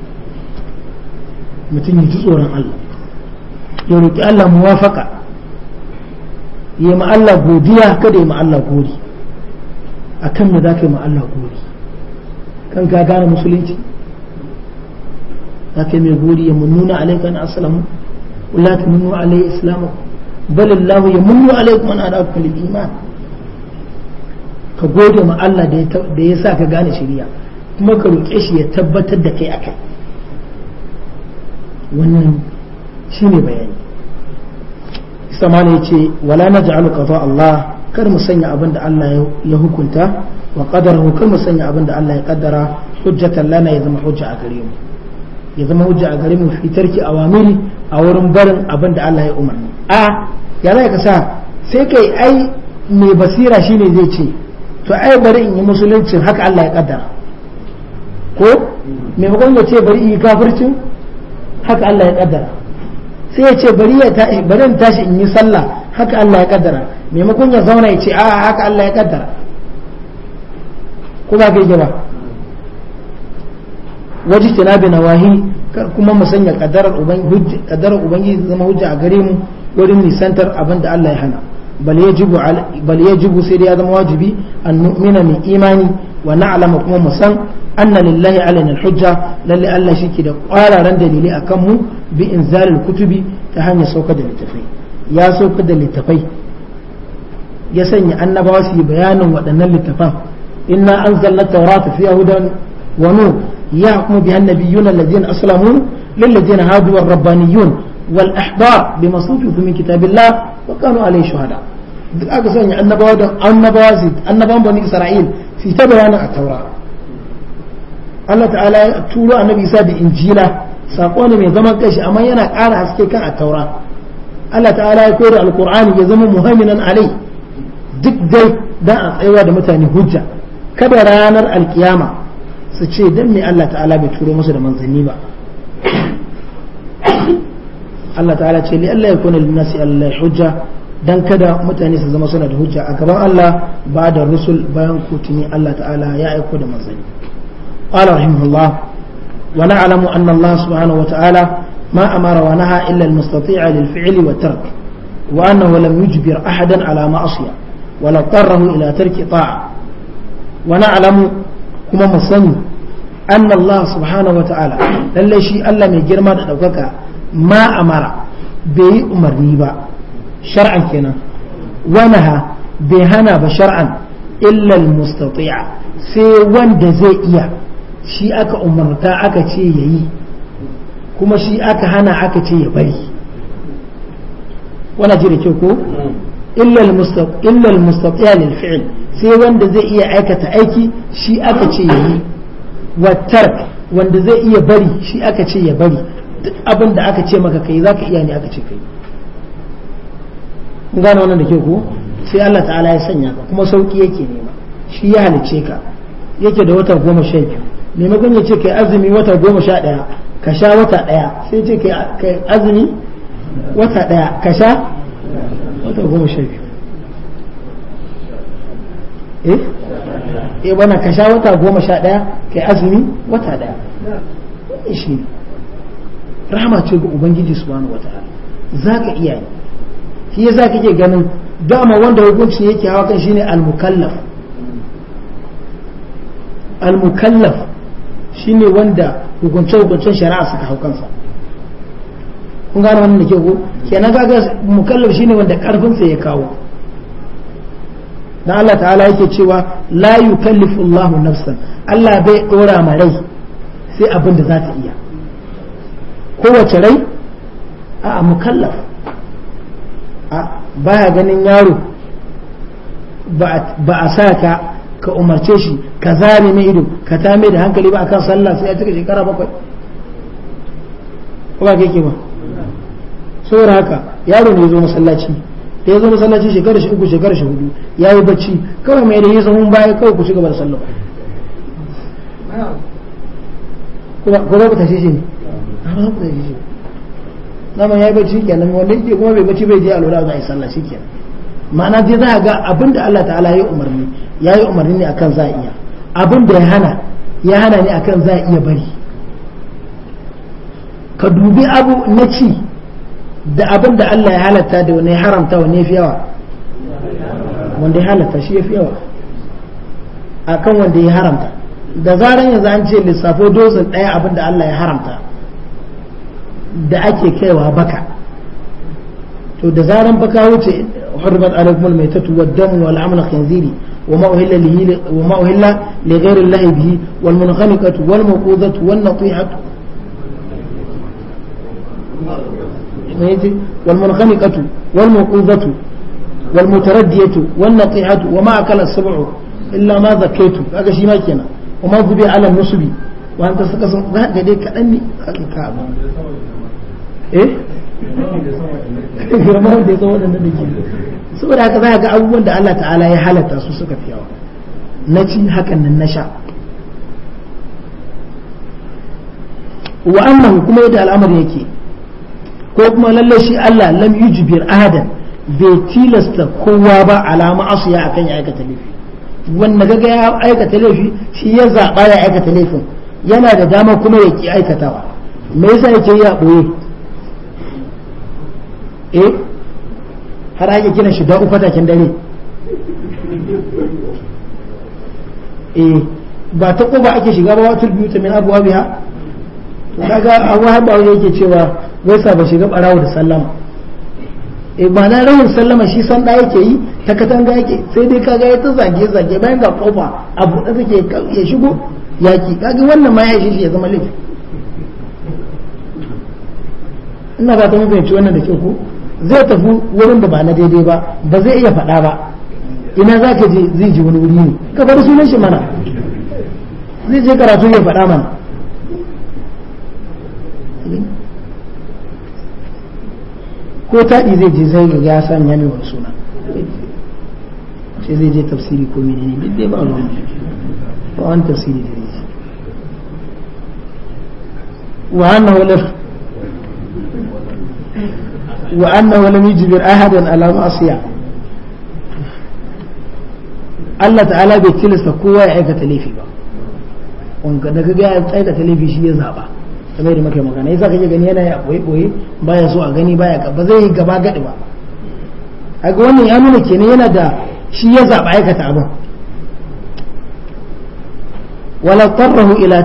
mutum ya ji tsoron Allah ya roƙi Allah muwafaka ya ma Allah godiya kada ya ma Allah gori kan me ka yi ma Allah gori kan ka gane musulunci ka yi mai gori ya mununa alaika asalamu aslamu ta nuna alai islamu bal Allah ya munnu alaikum an adaku lil iman ka gode ma Allah da ya sa ka gane shari'a kuma ka roƙe shi ya tabbatar da kai akai wannan shi ne bayani sama ne ce wala alu kaza Allah kar mu sanya abin da Allah ya hukunta wa qadarahu kar mu sanya abin da Allah ya kaddara hujjatan lana ya zama hujja a gare mu ya zama hujja a gare mu fi awamiri a wurin barin abin da Allah ya umarni a ya za ka sa sai kai ai mai basira shi ne zai ce to ai bari in yi musuluncin haka Allah ya kaddara ko maimakon ya ce bari in yi kafircin haka Allah ya kaddara sai ya ce bari ya tashi bari in tashi in yi sallah haka Allah ya kaddara maimakon ya zauna ya ce a haka Allah ya kaddara ko ba kai yi ba tana bi nawahi kar kuma mu sanya kaddarar ubangiji zama hujja a gare mu wurin nisantar abin da Allah ya hana bal yajibu bal yajibu sai ya zama wajibi an nu'mina min imani wa na'lamu kuma musan san anna lillahi alaina alhujja lalle Allah shike da kwararan dalili akan mu bi inzalil kutubi ta hanyar saukar da littafai ya saukar da littafai ya sanya annabawa su yi bayanin waɗannan littafan inna anzalna tawrata fiha hudan wa biyan yahkumu biha an-nabiyyuna alladhina aslamu lil ladina hadu war rabbaniyun والأحبار بما صنفوا من كتاب الله وكانوا عليه شهداء duk aka sanya annabawa don annabawa su annabawan bani isra'il su ta bayanin a taura Allah ta'ala ya turo annabi isa da injila sako ne mai zaman kashi amma yana ƙara haske kan a taura Allah ta'ala ya koyar alkur'ani ya zama muhamminan alai duk dai dan a tsayawa da mutane hujja kada ranar alkiyama su ce dan me Allah ta'ala bai turo musu da manzanni ba Allah ta'ala ce li Allah ya kuna linnasi Allah hujja dan kada mutane su zama suna da hujja a gaban Allah ba da rusul bayan kutumi Allah ta'ala ya aiko da manzanni qala rahimahullah wa na'lamu anna Allah subhanahu wa ta'ala ma amara wa naha illa al-mustati'a lil fi'li wa tark wa annahu lam yujbir ahadan ala ma'asiya wa la tarrahu ila tarki ta'a wa na'lamu kuma mu sani anna Allah subhanahu wa ta'ala lalle shi Allah mai girma da daukaka ma amara bai yi umarni ba shar'an kenan wanaha bai hana ba shar'an illal mustati'a sai wanda zai iya shi aka umarta aka ce ya yi kuma shi aka hana aka ce ya bari wana ji da kyau ko illal mustati'a lil fi'l sai wanda zai iya aikata aiki shi aka ce ya yi wattar wanda zai iya bari shi aka ce ya bari duk abin da aka ce maka kai zaka iya ne aka ce kai kun gane wannan da ke ko sai Allah ta'ala ya sanya ka kuma sauki yake nema shi ya halice ka yake da wata goma sha biyu maimakon ya ce kai azumi wata goma sha ɗaya ka sha wata ɗaya sai ce kai azumi wata ɗaya ka sha wata goma sha biyu eh eh bana ka sha wata goma sha ɗaya kai azumi wata ɗaya shi rahama ce ga ubangiji subhanahu wata'ala zaka iya yi shi yasa iya ganin dama wanda hukunci yake hawa kan shine al-mukallaf al-mukallaf shine wanda hukunce hukuncen shari'a suka hau kansa kun gane wannan da ke ko kenan ga mukallaf shine wanda karfin sa ya kawo dan Allah ta'ala yake cewa la yukallifu Allahu nafsan Allah bai dora ma rai sai abin da za ta iya kowace rai a mukallaf baya ganin yaro ba a sa ka ka umarce shi ka zare mai ido ka tame da hankali ba akan sallah sai ya cika shekara bakwai ko ba ke ke ba saboda haka yaro ne ya zo masallaci da ya zo masallaci shekara shi uku shekara shi hudu ya yi bacci kawai mai da ya zama baya kawai ku shiga ba da sallah ko ba ku tashi shi ne babu ya yi bacci kenan wanda yake kuma bai bacci bai je a lura za a yi sallah shi kenan ma'ana dai za a ga abin da Allah ta'ala ya umarni ya yi umarni ne akan za a iya abin da ya hana ya hana ne akan za a iya bari ka dubi abu na ci da abin da Allah ya halatta da wani haramta wani fi yawa wanda ya halatta shi ya fi yawa akan wanda ya haramta da zaran yanzu an ce lissafo dozin ɗaya abin da Allah ya haramta da ake kaiwa baka to da zaran baka wuce hurmat alaikumul maitatu wa damu wal amla khinziri wa ma uhilla li ghairi llahi bihi wal munghaliqatu wal maqudatu wan natihatu ماذا؟ والمنخنقة والمقوذة والمتردية eh girma da ya san waɗannan da ke saboda haka za a ga abubuwan da Allah ta'ala ya halatta su suka fi yawa na ci hakan nan na sha wa kuma yadda al'amari yake ko kuma lallai shi Allah lam yujbir adam bai tilasta kowa ba alama ya akan ya aikata laifi wanda gaga ya aikata laifi shi ya zaɓa ya aikata laifin yana da dama kuma ya ki aikatawa me yasa yake ya ɓoye eh har ake kina shiga uku takin dare eh ba ta ba ake shiga ba watul biyu ta min abuwa biya daga abu har bawo yake cewa wai sa ba shiga barawo da sallama eh ba na rawin sallama shi san da yake yi ta katanga yake sai dai kaga ya ta zage zage bayan ga kofa a buɗe take ya shigo yaki kaga wannan ma ya shi ya zama laifi ina ba ta mafi wannan da ke ku zai tafi wurin da ba na daidai ba ba zai iya faɗa ba ina za ka je zai ji wani wuri ne ka faɗi sunan shi mana zai je karatu ya faɗa mana ko taɗi zai je zai ya sanya yami wani suna sai zai je tafsiri ko menene duk dai ba ruwan ba wani tafsiri da zai wa annahu wani وأنه لم يجبر أحدا على معصية Allah ta'ala bai tilasta kowa ya aikata laifi ba wanda daga ga ya aikata laifi shi ya zaba kamar da muke magana yasa kake gani yana ya boye boye baya so a gani baya ba zai yi gaba gadi ba kaga wannan ya nuna kenan yana da shi ya zaba aikata wala ila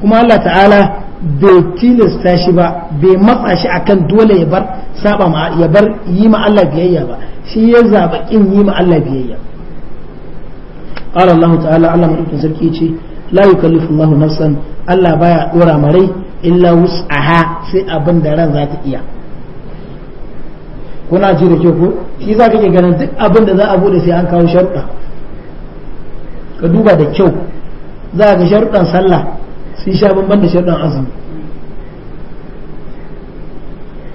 kuma Allah ta'ala bai tilasta shi ba bai matsa shi akan dole ya bar saba ma ya bar yi ma Allah biyayya ba shi ya zaba in yi ma Allah biyayya qala Allah ta'ala Allah madaukakin sarki ce la yukallifu Allah nafsan Allah baya dora marai illa wus'aha sai abin da ran za ta iya kuna ji da ke ko shi za ka ke ganin duk abin da za a bude sai an kawo sharuɗa ka duba da kyau za ka ga sharuɗan sallah sun sha bambam da shaɗan azumi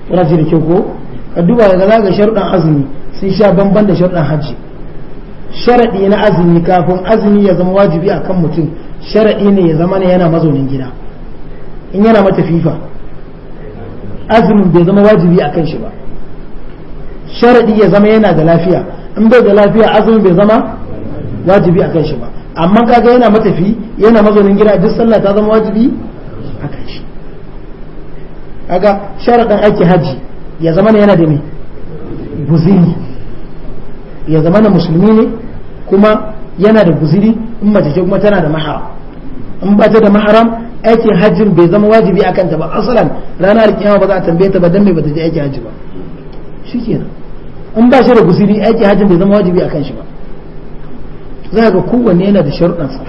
kuna ce da kyau ko ka duba ga zaga sharɗin azumi sun sha bambam da sharɗin hajji sharaɗi na azumi kafin azumi ya zama wajibi a kan mutum sharaɗi ne ya zama ne yana mazaunin gida in yana mata fifa azumin bai zama wajibi a kan shi ba sharaɗi ya zama yana da lafiya in bai da lafiya azumin bai zama wajibi a kan shi ba amma kaga yana matafi yana mazaunin gida duk sallah ta zama wajibi a kan shi kaga sharadan aiki hajji ya zama yana da me guzini ya zama na musulmi ne kuma yana da guziri in mace ce kuma tana da maharam in ba ta da maharam aikin hajjin bai zama wajibi a kanta ba asalan rana alkiyama ba za a tambaye ta ba dan me bata je aikin hajji ba shikenan in ba shi da guziri aikin hajjin bai zama wajibi a kan shi ba za ga kowanne yana da sharuɗansa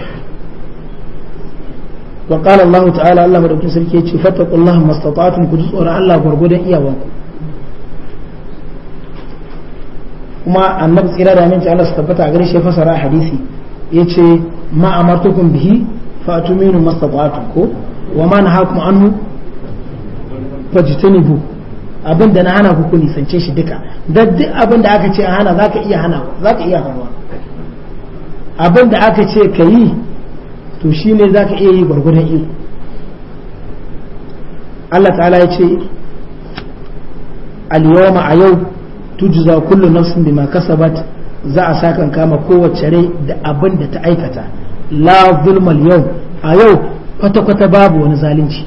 wa qala Allah ta'ala Allah madaukin sarki yace fattaqullaha mastata'tum ku ji Allah gurgudan iyawanku kuma annabi tsira da aminci Allah su tabbata a gare shi fasara hadisi yace ma amartukum bihi fa atuminu mastata'tum ko wa ma nahakum anhu fajtanibu abinda na hana ku ku nisance shi duka da duk abin da aka ce a hana zaka iya hana zaka iya hanawa abin da aka ce ka yi to shi ne za ka iya yi gwargwadon ihu Allah ta'ala ya ce aliyoma a yau tujza na nafsin bima kasabat za a sakan kama kowace rai da abin da ta aikata la zulmal yau a yau kwata-kwata babu wani zalunci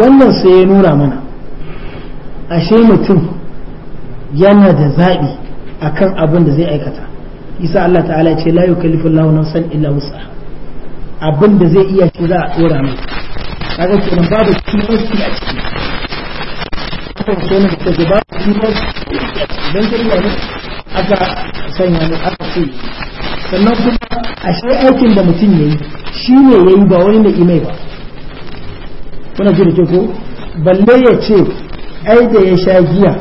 wannan sai ya nura mana ashe mutum yana da zaɓi akan abin da zai aikata isa Allah ta'ala ce la yukallifu Allahu nafsan illa wusa abin da zai iya shi za a dora mai kaga kenan babu kimanci a ciki kan so ne da gaba kimanci dan kai ne aka sanya ne aka ce sannan kuma a shi aikin da mutum yayi shi ne yayi ba wani da imai ba kuna ji da ko balle ya ce ai da ya sha giya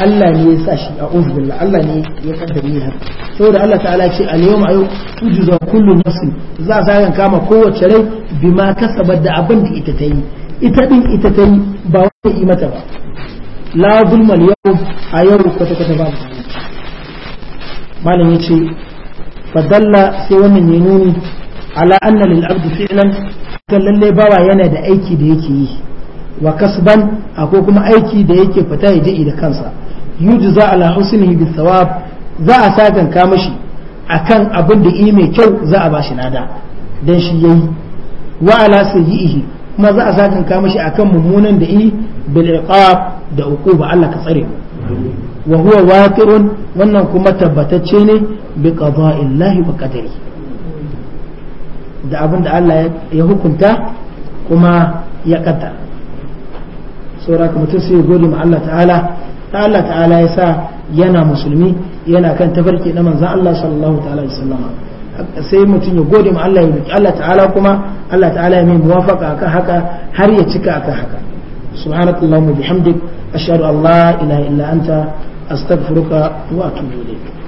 Allah ne ya sa shi a uzbillah Allah ne ya kaddara ni haka saboda Allah ta'ala ce al yawma yau tujza kullu nafsin za a sayan kama kowace rai bima kasabat da abin da ita ta yi ita din ita ta yi ba wata yi mata ba la zulma yau a yau kwata kwata ba malam yace fadalla sai wannan ne nuni ala anna lil abdi fi'lan kan lalle bawa yana da aiki da yake yi wa kasban ko kuma aiki da yake fita ya je da kansa za a husnihi bi sawab za a sagan ka mashi akan abin da yi mai kyau za a bashi nada dan shi yayi wa ala sayyihi kuma za a sagan ka mashi akan mummunan da yi bil iqab da uquba Allah ka tsare wa huwa waqirun wannan kuma tabbatacce ne bi qada'illahi wa qadari da abin da Allah ya hukunta kuma ya kaddara sauraka mutum sai ya gode ma Allah ta'ala Allah ta'ala ya sa yana musulmi yana kan tafarki na manzan Allah sallallahu ta'ala alaihi sai mutum ya gode ma Allah ya Allah ta'ala kuma Allah ta'ala ya mai muwafaka akan haka har ya cika akan haka subhanakallahumma bihamdik ashhadu an la ilaha illa anta astaghfiruka wa atubu ilayk